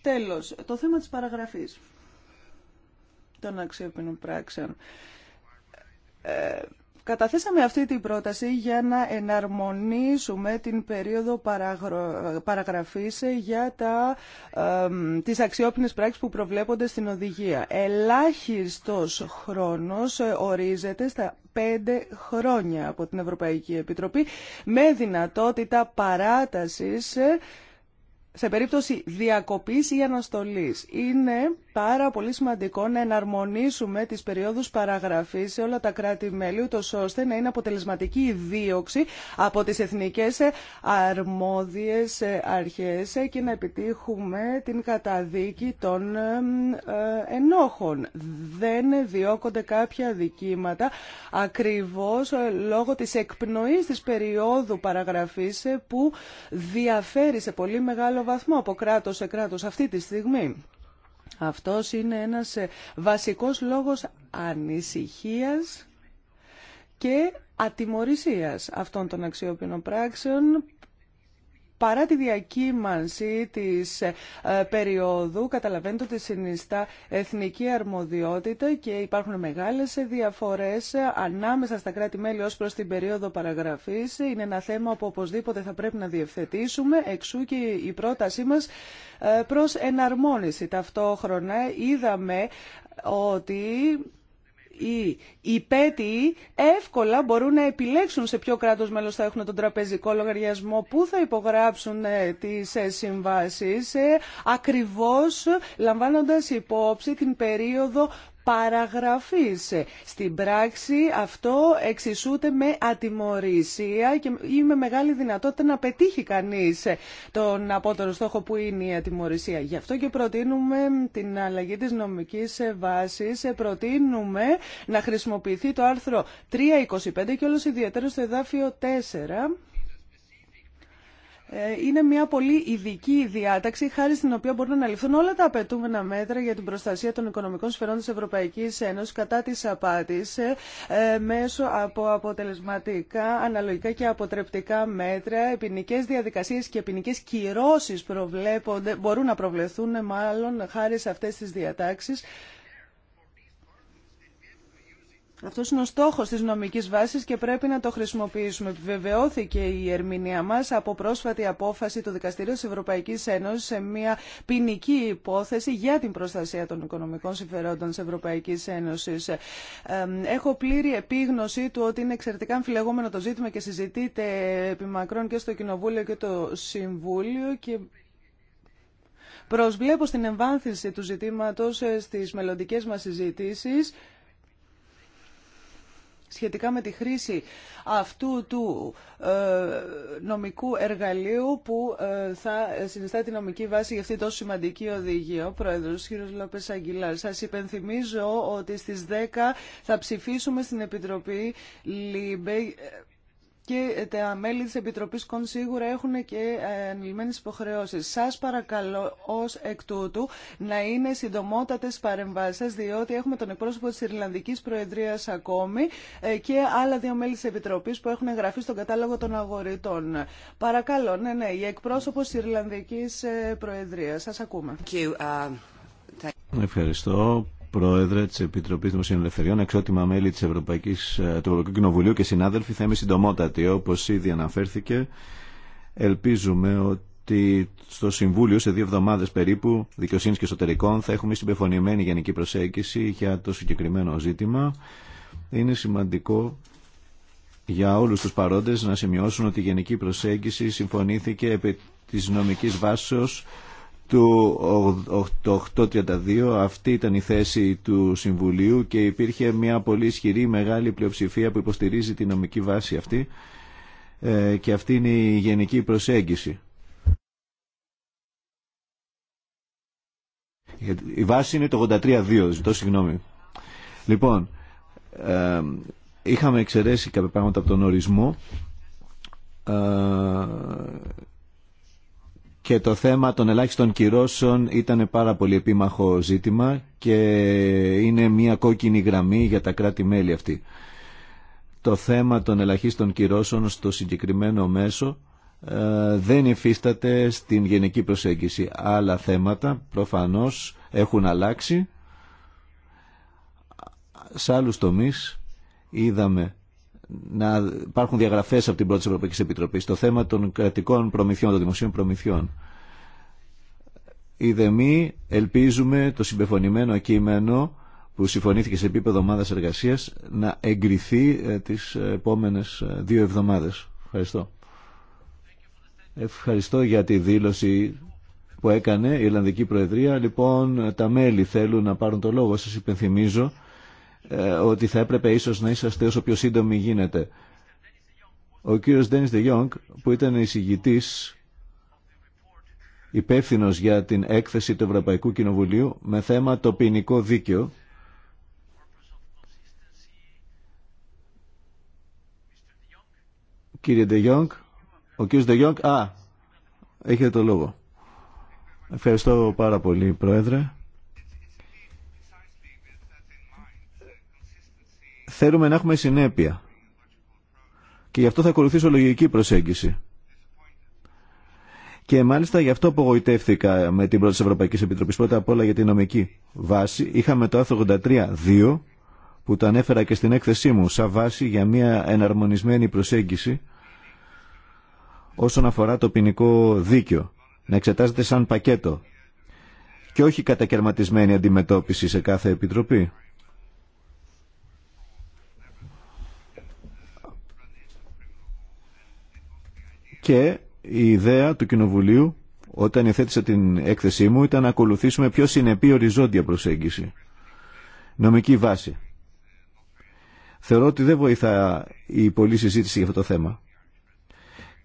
Τέλος, το θέμα της παραγραφής των αξιόπινων πράξεων. Ε, καταθέσαμε αυτή την πρόταση για να εναρμονίσουμε την περίοδο παραγραφής για τα, ε, τις αξιόπινες πράξεις που προβλέπονται στην οδηγία. Ελάχιστος χρόνος ορίζεται στα πέντε χρόνια από την Ευρωπαϊκή Επιτροπή με δυνατότητα παράτασης σε περίπτωση διακοπής ή αναστολής. Είναι πάρα πολύ σημαντικό να εναρμονίσουμε τις περιόδους παραγραφής σε όλα τα κράτη-μέλη, ούτως ώστε να είναι αποτελεσματική η δίωξη από τις εθνικές αρμόδιες αρχές και να επιτύχουμε την καταδίκη των ε, ενόχων. Δεν διώκονται κάποια δικήματα ακριβώς ε, λόγω της εκπνοής της περίοδου παραγραφής ε, που διαφέρει σε πολύ μεγάλο βαθμό από κράτο σε κράτο αυτή τη στιγμή. Αυτός είναι ένας ε, βασικός λόγος ανησυχίας και ατιμορρησίας αυτών των αξιόπινων πράξεων παρά τη διακύμανση της ε, περίοδου καταλαβαίνετε ότι συνιστά εθνική αρμοδιότητα και υπάρχουν μεγάλες διαφορές ε, ανάμεσα στα κράτη-μέλη ως προς την περίοδο παραγραφής. Είναι ένα θέμα που οπωσδήποτε θα πρέπει να διευθετήσουμε, εξού και η πρότασή μας ε, προς εναρμόνιση. Ταυτόχρονα είδαμε ότι οι υπέτειοι εύκολα μπορούν να επιλέξουν σε ποιο κράτος μέλος θα έχουν τον τραπεζικό λογαριασμό, πού θα υπογράψουν ε, τις ε, συμβάσεις, ε, ακριβώς λαμβάνοντας υπόψη την περίοδο παραγράφησε Στην πράξη αυτό εξισούται με ατιμορρησία και ή με μεγάλη δυνατότητα να πετύχει κανείς τον απότερο στόχο που είναι η ατιμορρησία. Γι' αυτό και προτείνουμε την αλλαγή της νομικής βάσης. Προτείνουμε να χρησιμοποιηθεί το άρθρο 325 και όλος ιδιαίτερο στο εδάφιο 4 ε, είναι μια πολύ ειδική διάταξη, χάρη στην οποία μπορούν να ληφθούν όλα τα απαιτούμενα μέτρα για την προστασία των οικονομικών σφαιρών της Ευρωπαϊκής Ένωσης κατά της απάτης ε, ε, μέσω από αποτελεσματικά, αναλογικά και αποτρεπτικά μέτρα. Επινικές διαδικασίες και ποινικέ κυρώσεις μπορούν να προβλεφθούν μάλλον χάρη σε αυτές τις διατάξεις. Αυτό είναι ο στόχο τη νομική βάση και πρέπει να το χρησιμοποιήσουμε. Επιβεβαιώθηκε η ερμηνεία μα από πρόσφατη απόφαση του Δικαστηρίου τη Ευρωπαϊκή Ένωση σε μια ποινική υπόθεση για την προστασία των οικονομικών συμφερόντων τη Ευρωπαϊκή Ένωση. Έχω πλήρη επίγνωση του ότι είναι εξαιρετικά αμφιλεγόμενο το ζήτημα και συζητείται επί μακρόν και στο Κοινοβούλιο και το Συμβούλιο. Και προσβλέπω στην εμβάνθυνση του ζητήματος ε, στις μελλοντικέ μας συζητήσει σχετικά με τη χρήση αυτού του ε, νομικού εργαλείου που ε, θα συνιστά τη νομική βάση για αυτή τόσο σημαντική οδηγία. Ο Πρόεδρος, κ. Λόπες σας υπενθυμίζω ότι στις 10 θα ψηφίσουμε στην Επιτροπή ΛΥΜΠΕ ε, και τα μέλη της Επιτροπής ΚΟΝ σίγουρα έχουν και ε, ανηλυμένες υποχρεώσεις. Σας παρακαλώ ως εκ τούτου να είναι συντομότατες παρεμβάσεις διότι έχουμε τον εκπρόσωπο της Ιρλανδικής Προεδρίας ακόμη ε, και άλλα δύο μέλη της Επιτροπής που έχουν εγγραφεί στον κατάλογο των αγορητών. Παρακαλώ, ναι, ναι, η εκπρόσωπος της Ιρλανδικής ε, Προεδρίας. Σας ακούμε. Uh, Ευχαριστώ. Πρόεδρε τη Επιτροπή Δημοσίων Ελευθεριών, εξότιμα μέλη της Ευρωπαϊκής, του Ευρωπαϊκού Κοινοβουλίου και συνάδελφοι, θα είμαι συντομότατη. Όπω ήδη αναφέρθηκε, ελπίζουμε ότι στο Συμβούλιο σε δύο εβδομάδε περίπου δικαιοσύνη και εσωτερικών θα έχουμε συμπεφωνημένη γενική προσέγγιση για το συγκεκριμένο ζήτημα. Είναι σημαντικό για όλους τους παρόντες να σημειώσουν ότι η γενική προσέγγιση συμφωνήθηκε επί της νομικής βάσεως του 832 αυτή ήταν η θέση του Συμβουλίου και υπήρχε μια πολύ ισχυρή μεγάλη πλειοψηφία που υποστηρίζει τη νομική βάση αυτή ε, και αυτή είναι η γενική προσέγγιση. Η βάση είναι το 83-2, ζητώ συγγνώμη. Λοιπόν, ε, είχαμε εξαιρέσει κάποια πράγματα από τον ορισμό ε, και το θέμα των ελάχιστων κυρώσεων ήταν πάρα πολύ επίμαχο ζήτημα και είναι μια κόκκινη γραμμή για τα κράτη-μέλη αυτή. Το θέμα των ελαχίστων κυρώσεων στο συγκεκριμένο μέσο ε, δεν υφίσταται στην γενική προσέγγιση. Άλλα θέματα προφανώς έχουν αλλάξει. Σε άλλους τομείς είδαμε να υπάρχουν διαγραφές από την πρώτη Ευρωπαϊκή Επιτροπή στο θέμα των κρατικών προμηθειών, των δημοσίων προμηθειών. Ειδεμή, ελπίζουμε το συμπεφωνημένο κείμενο που συμφωνήθηκε σε επίπεδο ομάδας εργασία να εγκριθεί ε, τις επόμενες ε, δύο εβδομάδες. Ευχαριστώ. Ευχαριστώ για τη δήλωση που έκανε η Ιρλανδική Προεδρία. Λοιπόν, τα μέλη θέλουν να πάρουν το λόγο. Σας υπενθυμίζω ε, ότι θα έπρεπε ίσως να είσαστε όσο πιο σύντομοι γίνεται. Ο κύριος Ντένις Δε Γιόγκ, που ήταν εισηγητής υπεύθυνο για την έκθεση του Ευρωπαϊκού Κοινοβουλίου με θέμα το ποινικό δίκαιο, Κύριε Ντε Γιόγκ, ο κύριος Ντε Γιόγκ, α, έχετε το λόγο. Ευχαριστώ πάρα πολύ, Πρόεδρε. Θέλουμε να έχουμε συνέπεια. Και γι' αυτό θα ακολουθήσω λογική προσέγγιση. Και μάλιστα γι' αυτό απογοητεύτηκα με την πρώτη Ευρωπαϊκή Επιτροπή. Πρώτα απ' όλα για την νομική βάση. Είχαμε το άρθρο 83.2 που το ανέφερα και στην έκθεσή μου σαν βάση για μια εναρμονισμένη προσέγγιση όσον αφορά το ποινικό δίκαιο. Να εξετάζεται σαν πακέτο και όχι κατακαιρματισμένη αντιμετώπιση σε κάθε επιτροπή. και η ιδέα του Κοινοβουλίου όταν υιοθέτησα την έκθεσή μου ήταν να ακολουθήσουμε πιο συνεπή οριζόντια προσέγγιση. Νομική βάση. Θεωρώ ότι δεν βοηθά η πολλή συζήτηση για αυτό το θέμα.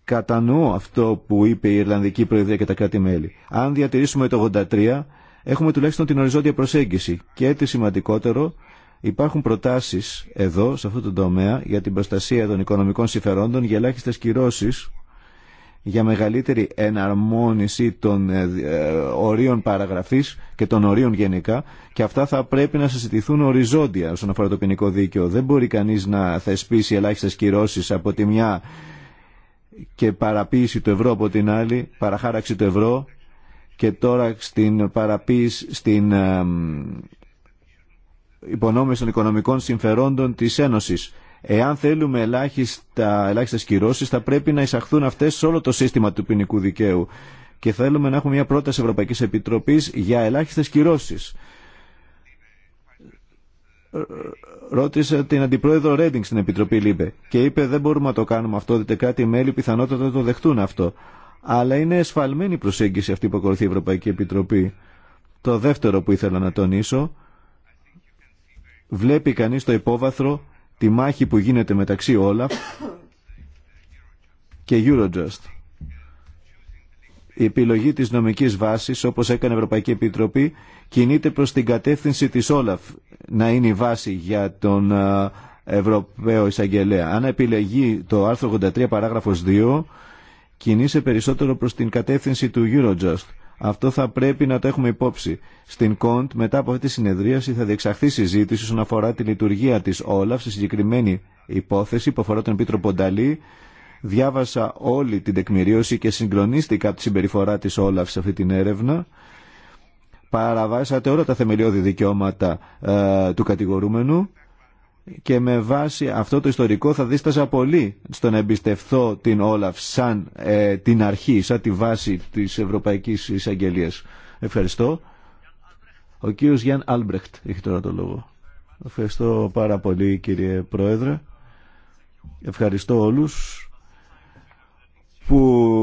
Κατανοώ αυτό που είπε η Ιρλανδική Προεδρία και τα κράτη-μέλη. Αν διατηρήσουμε το 83, έχουμε τουλάχιστον την οριζόντια προσέγγιση. Και τι σημαντικότερο, υπάρχουν προτάσεις εδώ, σε αυτό το τομέα, για την προστασία των οικονομικών συμφερόντων για ελάχιστε κυρώσει για μεγαλύτερη εναρμόνιση των ε, ε, ορίων παραγραφής και των ορίων γενικά και αυτά θα πρέπει να συζητηθούν οριζόντια όσον αφορά το ποινικό δίκαιο. Δεν μπορεί κανείς να θεσπίσει ελάχιστες κυρώσεις από τη μια και παραποίηση του ευρώ από την άλλη, παραχάραξη του ευρώ και τώρα στην παραποίηση, στην ε, υπονόμηση των οικονομικών συμφερόντων της Ένωσης. Εάν θέλουμε ελάχιστα, ελάχιστες κυρώσεις θα πρέπει να εισαχθούν αυτές σε όλο το σύστημα του ποινικού δικαίου και θέλουμε να έχουμε μια πρόταση Ευρωπαϊκής Επιτροπής για ελάχιστες κυρώσεις. Ρώτησε την Αντιπρόεδρο Ρέντινγκ στην Επιτροπή Λίμπε και είπε δεν μπορούμε να το κάνουμε αυτό, δείτε κάτι μέλη πιθανότατα δεν το δεχτούν αυτό. Αλλά είναι εσφαλμένη η προσέγγιση αυτή που ακολουθεί η Ευρωπαϊκή Επιτροπή. Το δεύτερο που ήθελα να τονίσω, βλέπει κανείς το υπόβαθρο τη μάχη που γίνεται μεταξύ Όλαφ και Eurojust. Η επιλογή της νομικής βάσης, όπως έκανε η Ευρωπαϊκή Επιτροπή, κινείται προς την κατεύθυνση της Όλαφ να είναι η βάση για τον ε, Ευρωπαίο Εισαγγελέα. Αν επιλεγεί το άρθρο 83 παράγραφος 2, κινείται περισσότερο προς την κατεύθυνση του Eurojust αυτό θα πρέπει να το έχουμε υπόψη. Στην ΚΟΝΤ, μετά από αυτή τη συνεδρίαση, θα διεξαχθεί συζήτηση όσον αφορά τη λειτουργία τη Όλαφ, στη συγκεκριμένη υπόθεση που αφορά τον πίτρο Νταλή. Διάβασα όλη την τεκμηρίωση και συγκλονίστηκα από τη συμπεριφορά τη Όλαφ σε αυτή την έρευνα. Παραβάσατε όλα τα θεμελιώδη δικαιώματα ε, του κατηγορούμενου και με βάση αυτό το ιστορικό θα δίσταζα πολύ στο να εμπιστευτώ την Όλαφ σαν ε, την αρχή, σαν τη βάση της Ευρωπαϊκής εισαγγελία. Ευχαριστώ. Ο κύριος Γιάνν Άλμπρεχτ έχει τώρα το λόγο. Ευχαριστώ πάρα πολύ κύριε Πρόεδρε. Ευχαριστώ όλους που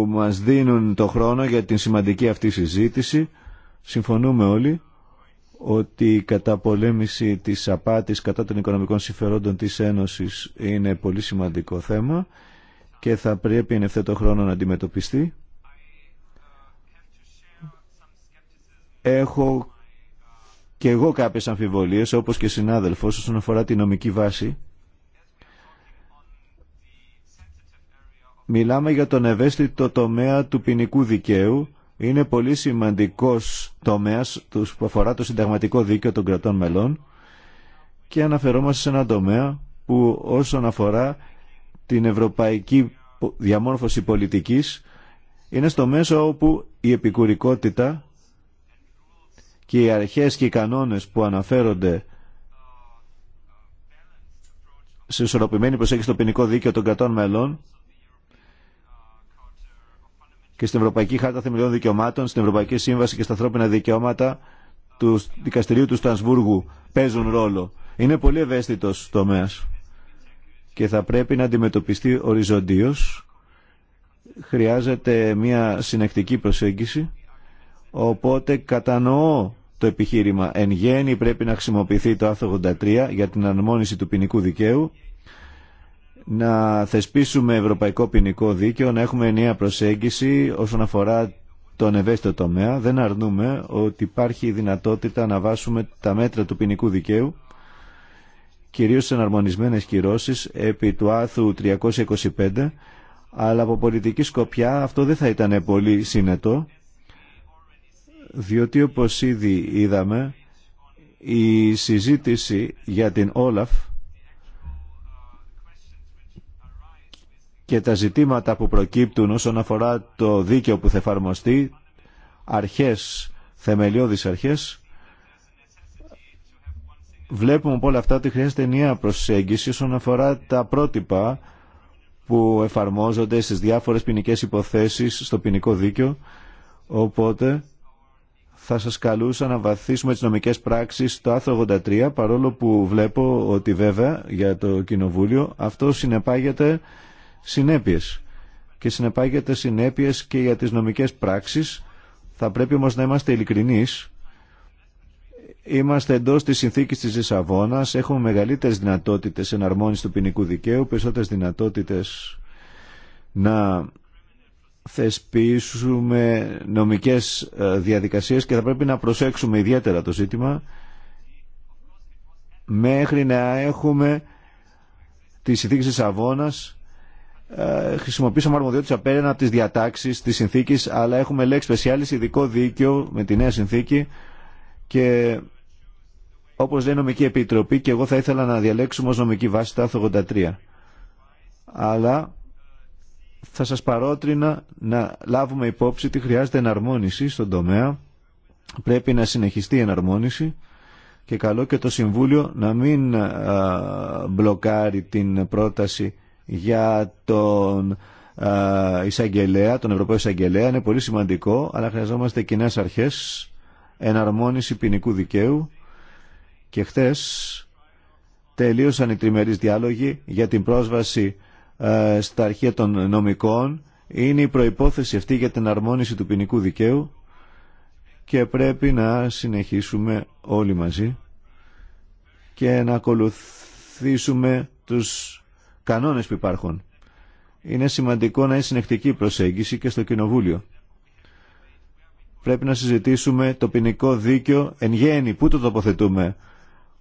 μας δίνουν το χρόνο για την σημαντική αυτή συζήτηση. Συμφωνούμε όλοι ότι η καταπολέμηση της απάτης κατά των οικονομικών συμφερόντων της Ένωσης είναι πολύ σημαντικό θέμα και θα πρέπει εν ευθέτω χρόνο να αντιμετωπιστεί. Έχω και εγώ κάποιες αμφιβολίες, όπως και συνάδελφος, όσον αφορά τη νομική βάση. Μιλάμε για τον ευαίσθητο τομέα του ποινικού δικαίου είναι πολύ σημαντικός τομέας που αφορά το συνταγματικό δίκαιο των κρατών μελών και αναφερόμαστε σε ένα τομέα που όσον αφορά την ευρωπαϊκή διαμόρφωση πολιτικής είναι στο μέσο όπου η επικουρικότητα και οι αρχές και οι κανόνες που αναφέρονται σε ισορροπημένη προσέγγιση στο ποινικό δίκαιο των κρατών μελών και στην Ευρωπαϊκή Χάρτα Θεμελιών Δικαιωμάτων, στην Ευρωπαϊκή Σύμβαση και στα ανθρώπινα δικαιώματα του Δικαστηρίου του Στρασβούργου παίζουν ρόλο. Είναι πολύ ευαίσθητο τομέα και θα πρέπει να αντιμετωπιστεί οριζοντίω. Χρειάζεται μια συνεκτική προσέγγιση. Οπότε κατανοώ το επιχείρημα. Εν γέννη πρέπει να χρησιμοποιηθεί το άρθρο 83 για την αρμόνιση του ποινικού δικαίου να θεσπίσουμε ευρωπαϊκό ποινικό δίκαιο, να έχουμε ενιαία προσέγγιση όσον αφορά τον ευαίσθητο τομέα. Δεν αρνούμε ότι υπάρχει η δυνατότητα να βάσουμε τα μέτρα του ποινικού δικαίου, κυρίως εναρμονισμένες κυρώσεις επί του άθου 325, αλλά από πολιτική σκοπιά αυτό δεν θα ήταν πολύ συνετό, διότι όπως ήδη είδαμε, η συζήτηση για την Όλαφ και τα ζητήματα που προκύπτουν όσον αφορά το δίκαιο που θα εφαρμοστεί, αρχές, θεμελιώδεις αρχές, βλέπουμε από όλα αυτά ότι χρειάζεται νέα προσέγγιση όσον αφορά τα πρότυπα που εφαρμόζονται στις διάφορες ποινικέ υποθέσεις στο ποινικό δίκαιο, οπότε θα σας καλούσα να βαθίσουμε τις νομικές πράξεις στο άθρο 83, παρόλο που βλέπω ότι βέβαια για το Κοινοβούλιο αυτό συνεπάγεται συνέπειες και συνεπάγεται συνέπειες και για τις νομικές πράξεις. Θα πρέπει όμως να είμαστε ειλικρινείς. Είμαστε εντό τη συνθήκη τη Λισαβόνα, έχουμε μεγαλύτερε δυνατότητε εναρμόνιση του ποινικού δικαίου, περισσότερε δυνατότητε να θεσπίσουμε νομικές ε, διαδικασίες και θα πρέπει να προσέξουμε ιδιαίτερα το ζήτημα μέχρι να έχουμε τις συνθήκες της ε, χρησιμοποιήσαμε αρμοδιότητε απέναντι από τι διατάξει τη συνθήκη, αλλά έχουμε λέξει σπεσιάλη ειδικό δίκαιο με τη νέα συνθήκη και όπως λέει η νομική επιτροπή και εγώ θα ήθελα να διαλέξουμε ω νομική βάση τα 83. Αλλά θα σας παρότρινα να λάβουμε υπόψη ότι χρειάζεται εναρμόνιση στον τομέα. Πρέπει να συνεχιστεί η εναρμόνιση και καλό και το Συμβούλιο να μην μπλοκάρει την πρόταση για τον εισαγγελέα, τον Ευρωπαίο Εισαγγελέα είναι πολύ σημαντικό, αλλά χρειαζόμαστε κοινέ αρχές, εναρμόνιση ποινικού δικαίου και χτες τελείωσαν οι τριμερείς διάλογοι για την πρόσβαση στα αρχεία των νομικών. Είναι η προϋπόθεση αυτή για την αρμόνιση του ποινικού δικαίου και πρέπει να συνεχίσουμε όλοι μαζί και να ακολουθήσουμε τους κανόνες που υπάρχουν. Είναι σημαντικό να είναι συνεκτική προσέγγιση και στο Κοινοβούλιο. Πρέπει να συζητήσουμε το ποινικό δίκαιο εν γέννη. Πού το τοποθετούμε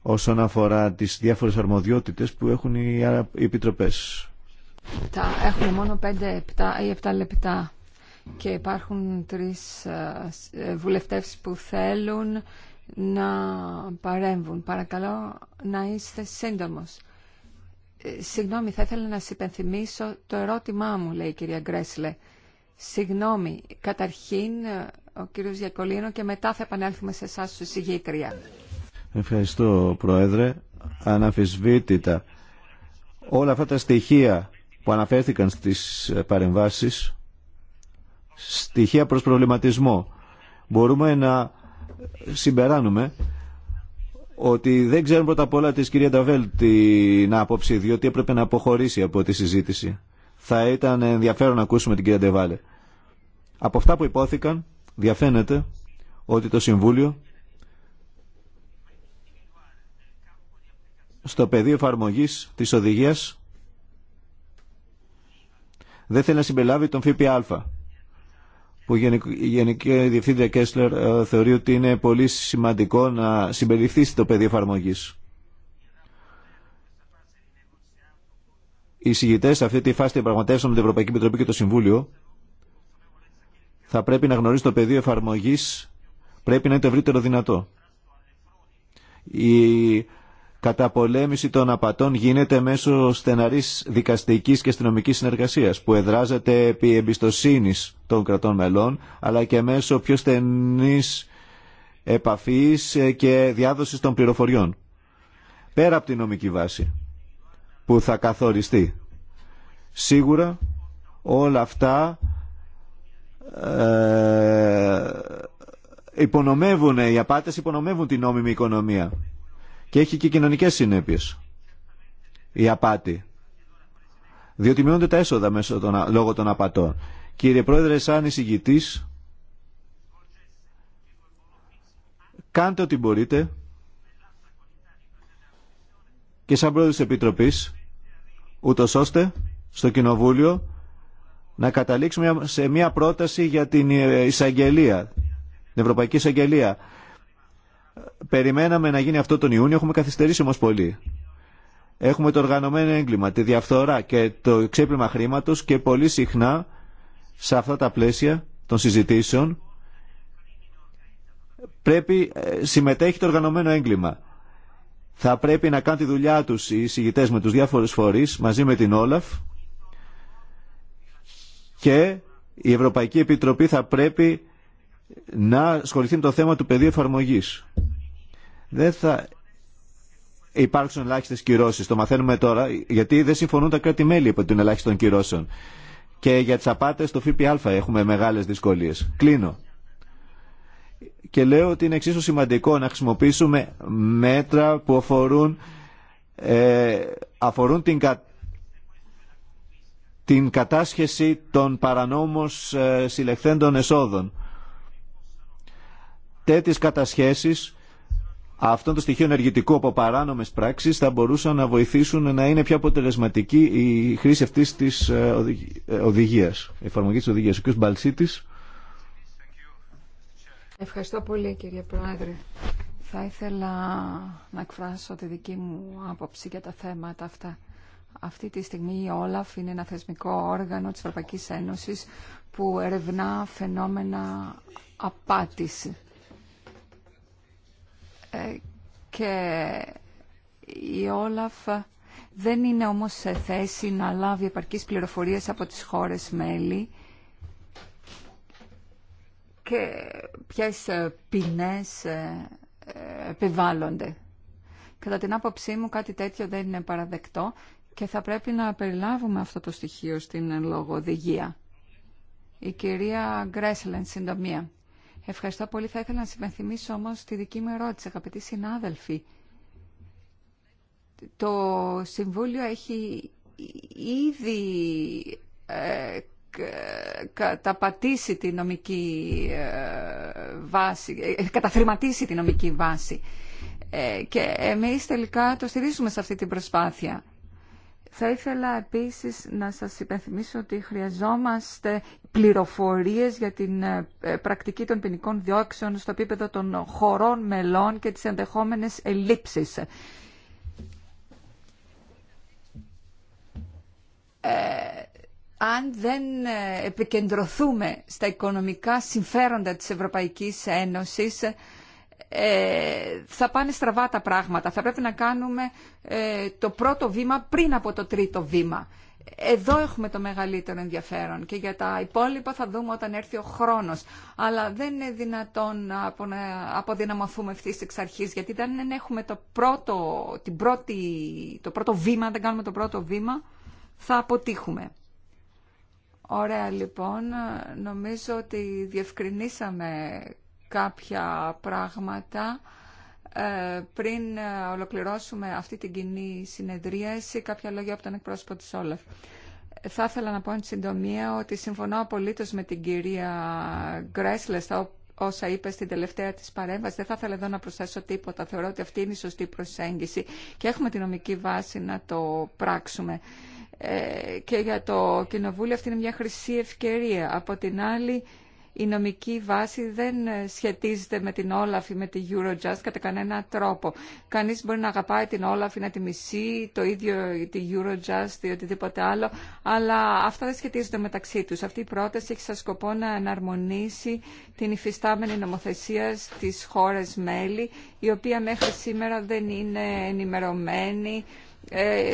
όσον αφορά τις διάφορες αρμοδιότητες που έχουν οι επιτροπές. Έχουμε μόνο 5 ή 7 λεπτά και υπάρχουν τρεις ε, ε, βουλευτές που θέλουν να παρέμβουν. Παρακαλώ να είστε σύντομος. Ε, συγγνώμη, θα ήθελα να σας υπενθυμίσω το ερώτημά μου, λέει η κυρία Γκρέσλε. Συγγνώμη, καταρχήν ε, ο κύριος Γιακολίνο και μετά θα επανέλθουμε σε εσάς σου συγγήτρια. Ευχαριστώ, Πρόεδρε. Αναφισβήτητα, Όλα αυτά τα στοιχεία που αναφέρθηκαν στις ε, παρεμβάσεις, στοιχεία προς προβληματισμό, μπορούμε να συμπεράνουμε ότι δεν ξέρουν πρώτα απ' όλα της κυρία Νταβέλ την άποψη, διότι έπρεπε να αποχωρήσει από τη συζήτηση. Θα ήταν ενδιαφέρον να ακούσουμε την κυρία Ντεβάλε. Από αυτά που υπόθηκαν, διαφαίνεται ότι το Συμβούλιο στο πεδίο εφαρμογή της οδηγία δεν θέλει να συμπεριλάβει τον ΦΠΑ που η Γενική Διευθύντρια Κέσλερ ε, θεωρεί ότι είναι πολύ σημαντικό να συμπεριληφθεί στο πεδίο εφαρμογή. Οι συγητέ σε αυτή τη φάση διαπραγματεύσεων με την Ευρωπαϊκή Επιτροπή και το Συμβούλιο θα πρέπει να γνωρίζει το πεδίο εφαρμογή πρέπει να είναι το ευρύτερο δυνατό. Η καταπολέμηση των απατών γίνεται μέσω στεναρής δικαστικής και αστυνομική συνεργασίας που εδράζεται επί εμπιστοσύνης των κρατών μελών αλλά και μέσω πιο στενής επαφής και διάδοσης των πληροφοριών. Πέρα από την νομική βάση που θα καθοριστεί. Σίγουρα όλα αυτά ε, υπονομεύουν, οι απάτες υπονομεύουν την νόμιμη οικονομία και έχει και κοινωνικές συνέπειες η απάτη. Διότι μειώνται τα έσοδα μέσω των, λόγω των απατών. Κύριε Πρόεδρε, σαν εισηγητής, κάντε ό,τι μπορείτε και σαν πρόεδρος Επιτροπής, ούτως ώστε στο Κοινοβούλιο να καταλήξουμε σε μια πρόταση για την ε, εισαγγελία, την Ευρωπαϊκή Εισαγγελία Περιμέναμε να γίνει αυτό τον Ιούνιο, έχουμε καθυστερήσει όμω πολύ. Έχουμε το οργανωμένο έγκλημα, τη διαφθορά και το ξέπλυμα χρήματο και πολύ συχνά σε αυτά τα πλαίσια των συζητήσεων πρέπει, ε, συμμετέχει το οργανωμένο έγκλημα. Θα πρέπει να κάνουν τη δουλειά τους οι συγητές με τους διάφορους φορείς μαζί με την Όλαφ και η Ευρωπαϊκή Επιτροπή θα πρέπει να ασχοληθεί με το θέμα του πεδίου εφαρμογής δεν θα υπάρξουν ελάχιστε κυρώσει. Το μαθαίνουμε τώρα, γιατί δεν συμφωνούν τα κράτη-μέλη υπό την ελάχιστον κυρώσεων. Και για τι απάτε στο ΦΠΑ έχουμε μεγάλε δυσκολίε. Κλείνω. Και λέω ότι είναι εξίσου σημαντικό να χρησιμοποιήσουμε μέτρα που αφορούν, ε, αφορούν την, την κατάσχεση των παρανόμως ε, συλλεχθέντων εσόδων. Τέτοιες κατασχέσεις αυτό το στοιχείο ενεργητικού από παράνομε πράξει θα μπορούσαν να βοηθήσουν να είναι πιο αποτελεσματική η χρήση αυτή τη ε, ε, οδηγία, η εφαρμογή τη οδηγία. Ο κ. Μπαλσίτη. Ευχαριστώ πολύ κύριε Πρόεδρε. Θα ήθελα να εκφράσω τη δική μου άποψη για τα θέματα αυτά. Αυτή τη στιγμή η Όλαφ είναι ένα θεσμικό όργανο της Ευρωπαϊκής Ένωσης που ερευνά φαινόμενα απάτηση ε, και η Όλαφ δεν είναι όμως σε θέση να λάβει επαρκείς πληροφορίες από τις χώρες μέλη και ποιες ποινές ε, επιβάλλονται. Κατά την άποψή μου κάτι τέτοιο δεν είναι παραδεκτό και θα πρέπει να περιλάβουμε αυτό το στοιχείο στην λόγο οδηγία. Η κυρία Γκρέσλεν, συντομία. Ευχαριστώ πολύ. Θα ήθελα να συμπενθυμίσω όμως τη δική μου ερώτηση, αγαπητοί συνάδελφοι. Το Συμβούλιο έχει ήδη ε, καταπατήσει τη νομική ε, βάση, ε, καταθρηματίσει τη νομική βάση. Ε, και εμείς τελικά το στηρίζουμε σε αυτή την προσπάθεια. Θα ήθελα επίσης να σας υπενθυμίσω ότι χρειαζόμαστε πληροφορίες για την ε, ε, πρακτική των ποινικών διώξεων στο επίπεδο των χωρών μελών και τις ενδεχόμενες ελλείψεις. Ε, αν δεν επικεντρωθούμε στα οικονομικά συμφέροντα της Ευρωπαϊκής Ένωσης, ε, θα πάνε στραβά τα πράγματα. Θα πρέπει να κάνουμε ε, το πρώτο βήμα πριν από το τρίτο βήμα. Εδώ έχουμε το μεγαλύτερο ενδιαφέρον και για τα υπόλοιπα θα δούμε όταν έρθει ο χρόνος. Αλλά δεν είναι δυνατόν να αποδυναμωθούμε ευθύ εξ αρχή, γιατί δεν έχουμε το πρώτο, την πρώτη, το πρώτο βήμα, δεν κάνουμε το πρώτο βήμα, θα αποτύχουμε. Ωραία λοιπόν, νομίζω ότι διευκρινίσαμε κάποια πράγματα ε, πριν ε, ολοκληρώσουμε αυτή την κοινή συνεδρίαση. Κάποια λόγια από τον εκπρόσωπο της Όλαφ. Θα ήθελα να πω εν συντομία ότι συμφωνώ απολύτως με την κυρία Γκρέσλε στα όσα είπε στην τελευταία της παρέμβαση. Δεν θα ήθελα εδώ να προσθέσω τίποτα. Θεωρώ ότι αυτή είναι η σωστή προσέγγιση και έχουμε τη νομική βάση να το πράξουμε. Ε, και για το Κοινοβούλιο αυτή είναι μια χρυσή ευκαιρία. Από την άλλη, η νομική βάση δεν ε, σχετίζεται με την όλαφη ή με τη Eurojust κατά κανένα τρόπο. Κανείς μπορεί να αγαπάει την Όλαφ ή να τη μισεί, το ίδιο τη Eurojust ή οτιδήποτε άλλο, αλλά αυτά δεν σχετίζονται μεταξύ τους. Αυτή η πρόταση έχει σαν σκοπό να εναρμονίσει την υφιστάμενη νομοθεσία στις χώρες μέλη, η οποία μέχρι σήμερα δεν είναι ενημερωμένη ε,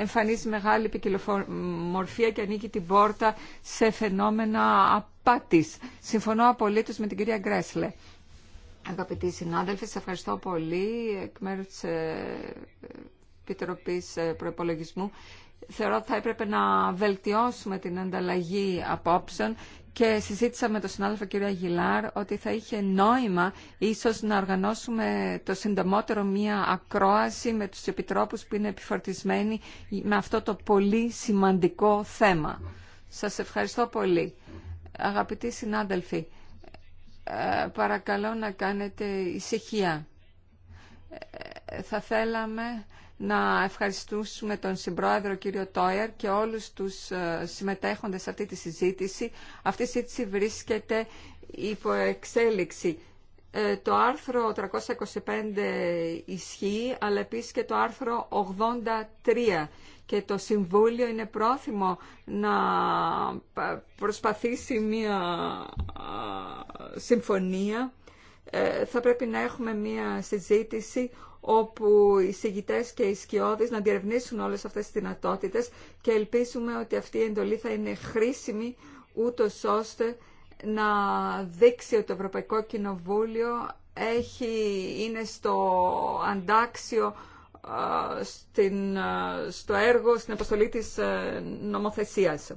εμφανίζει μεγάλη ποικιλομορφία και ανοίγει την πόρτα σε φαινόμενα απάτης. Συμφωνώ απολύτως με την κυρία Γκρέσλε. Αγαπητοί συνάδελφοι, σας ευχαριστώ πολύ εκ μέρους της ε, Επιτροπής ε, Προπολογισμού. Θεωρώ ότι θα έπρεπε να βελτιώσουμε την ανταλλαγή απόψεων και συζήτησα με τον συνάδελφο κ. Γιλάρ ότι θα είχε νόημα ίσως να οργανώσουμε το συντομότερο μία ακρόαση με τους επιτρόπους που είναι επιφορτισμένοι με αυτό το πολύ σημαντικό θέμα. Σας ευχαριστώ πολύ. Αγαπητοί συνάδελφοι, ε, παρακαλώ να κάνετε ησυχία. Ε, θα θέλαμε να ευχαριστούμε τον συμπρόεδρο κύριο Τόιερ και όλους τους ε, συμμετέχοντες σε αυτή τη συζήτηση. Αυτή η συζήτηση βρίσκεται υπό εξέλιξη. Ε, το άρθρο 325 ισχύει, αλλά επίσης και το άρθρο 83 και το Συμβούλιο είναι πρόθυμο να προσπαθήσει μια συμφωνία. Ε, θα πρέπει να έχουμε μια συζήτηση όπου οι συγητές και οι σκιώδεις να διερευνήσουν όλες αυτές τις δυνατότητες και ελπίζουμε ότι αυτή η εντολή θα είναι χρήσιμη ούτω ώστε να δείξει ότι το Ευρωπαϊκό Κοινοβούλιο έχει, είναι στο αντάξιο στην, στο έργο, στην αποστολή της ε, νομοθεσίας.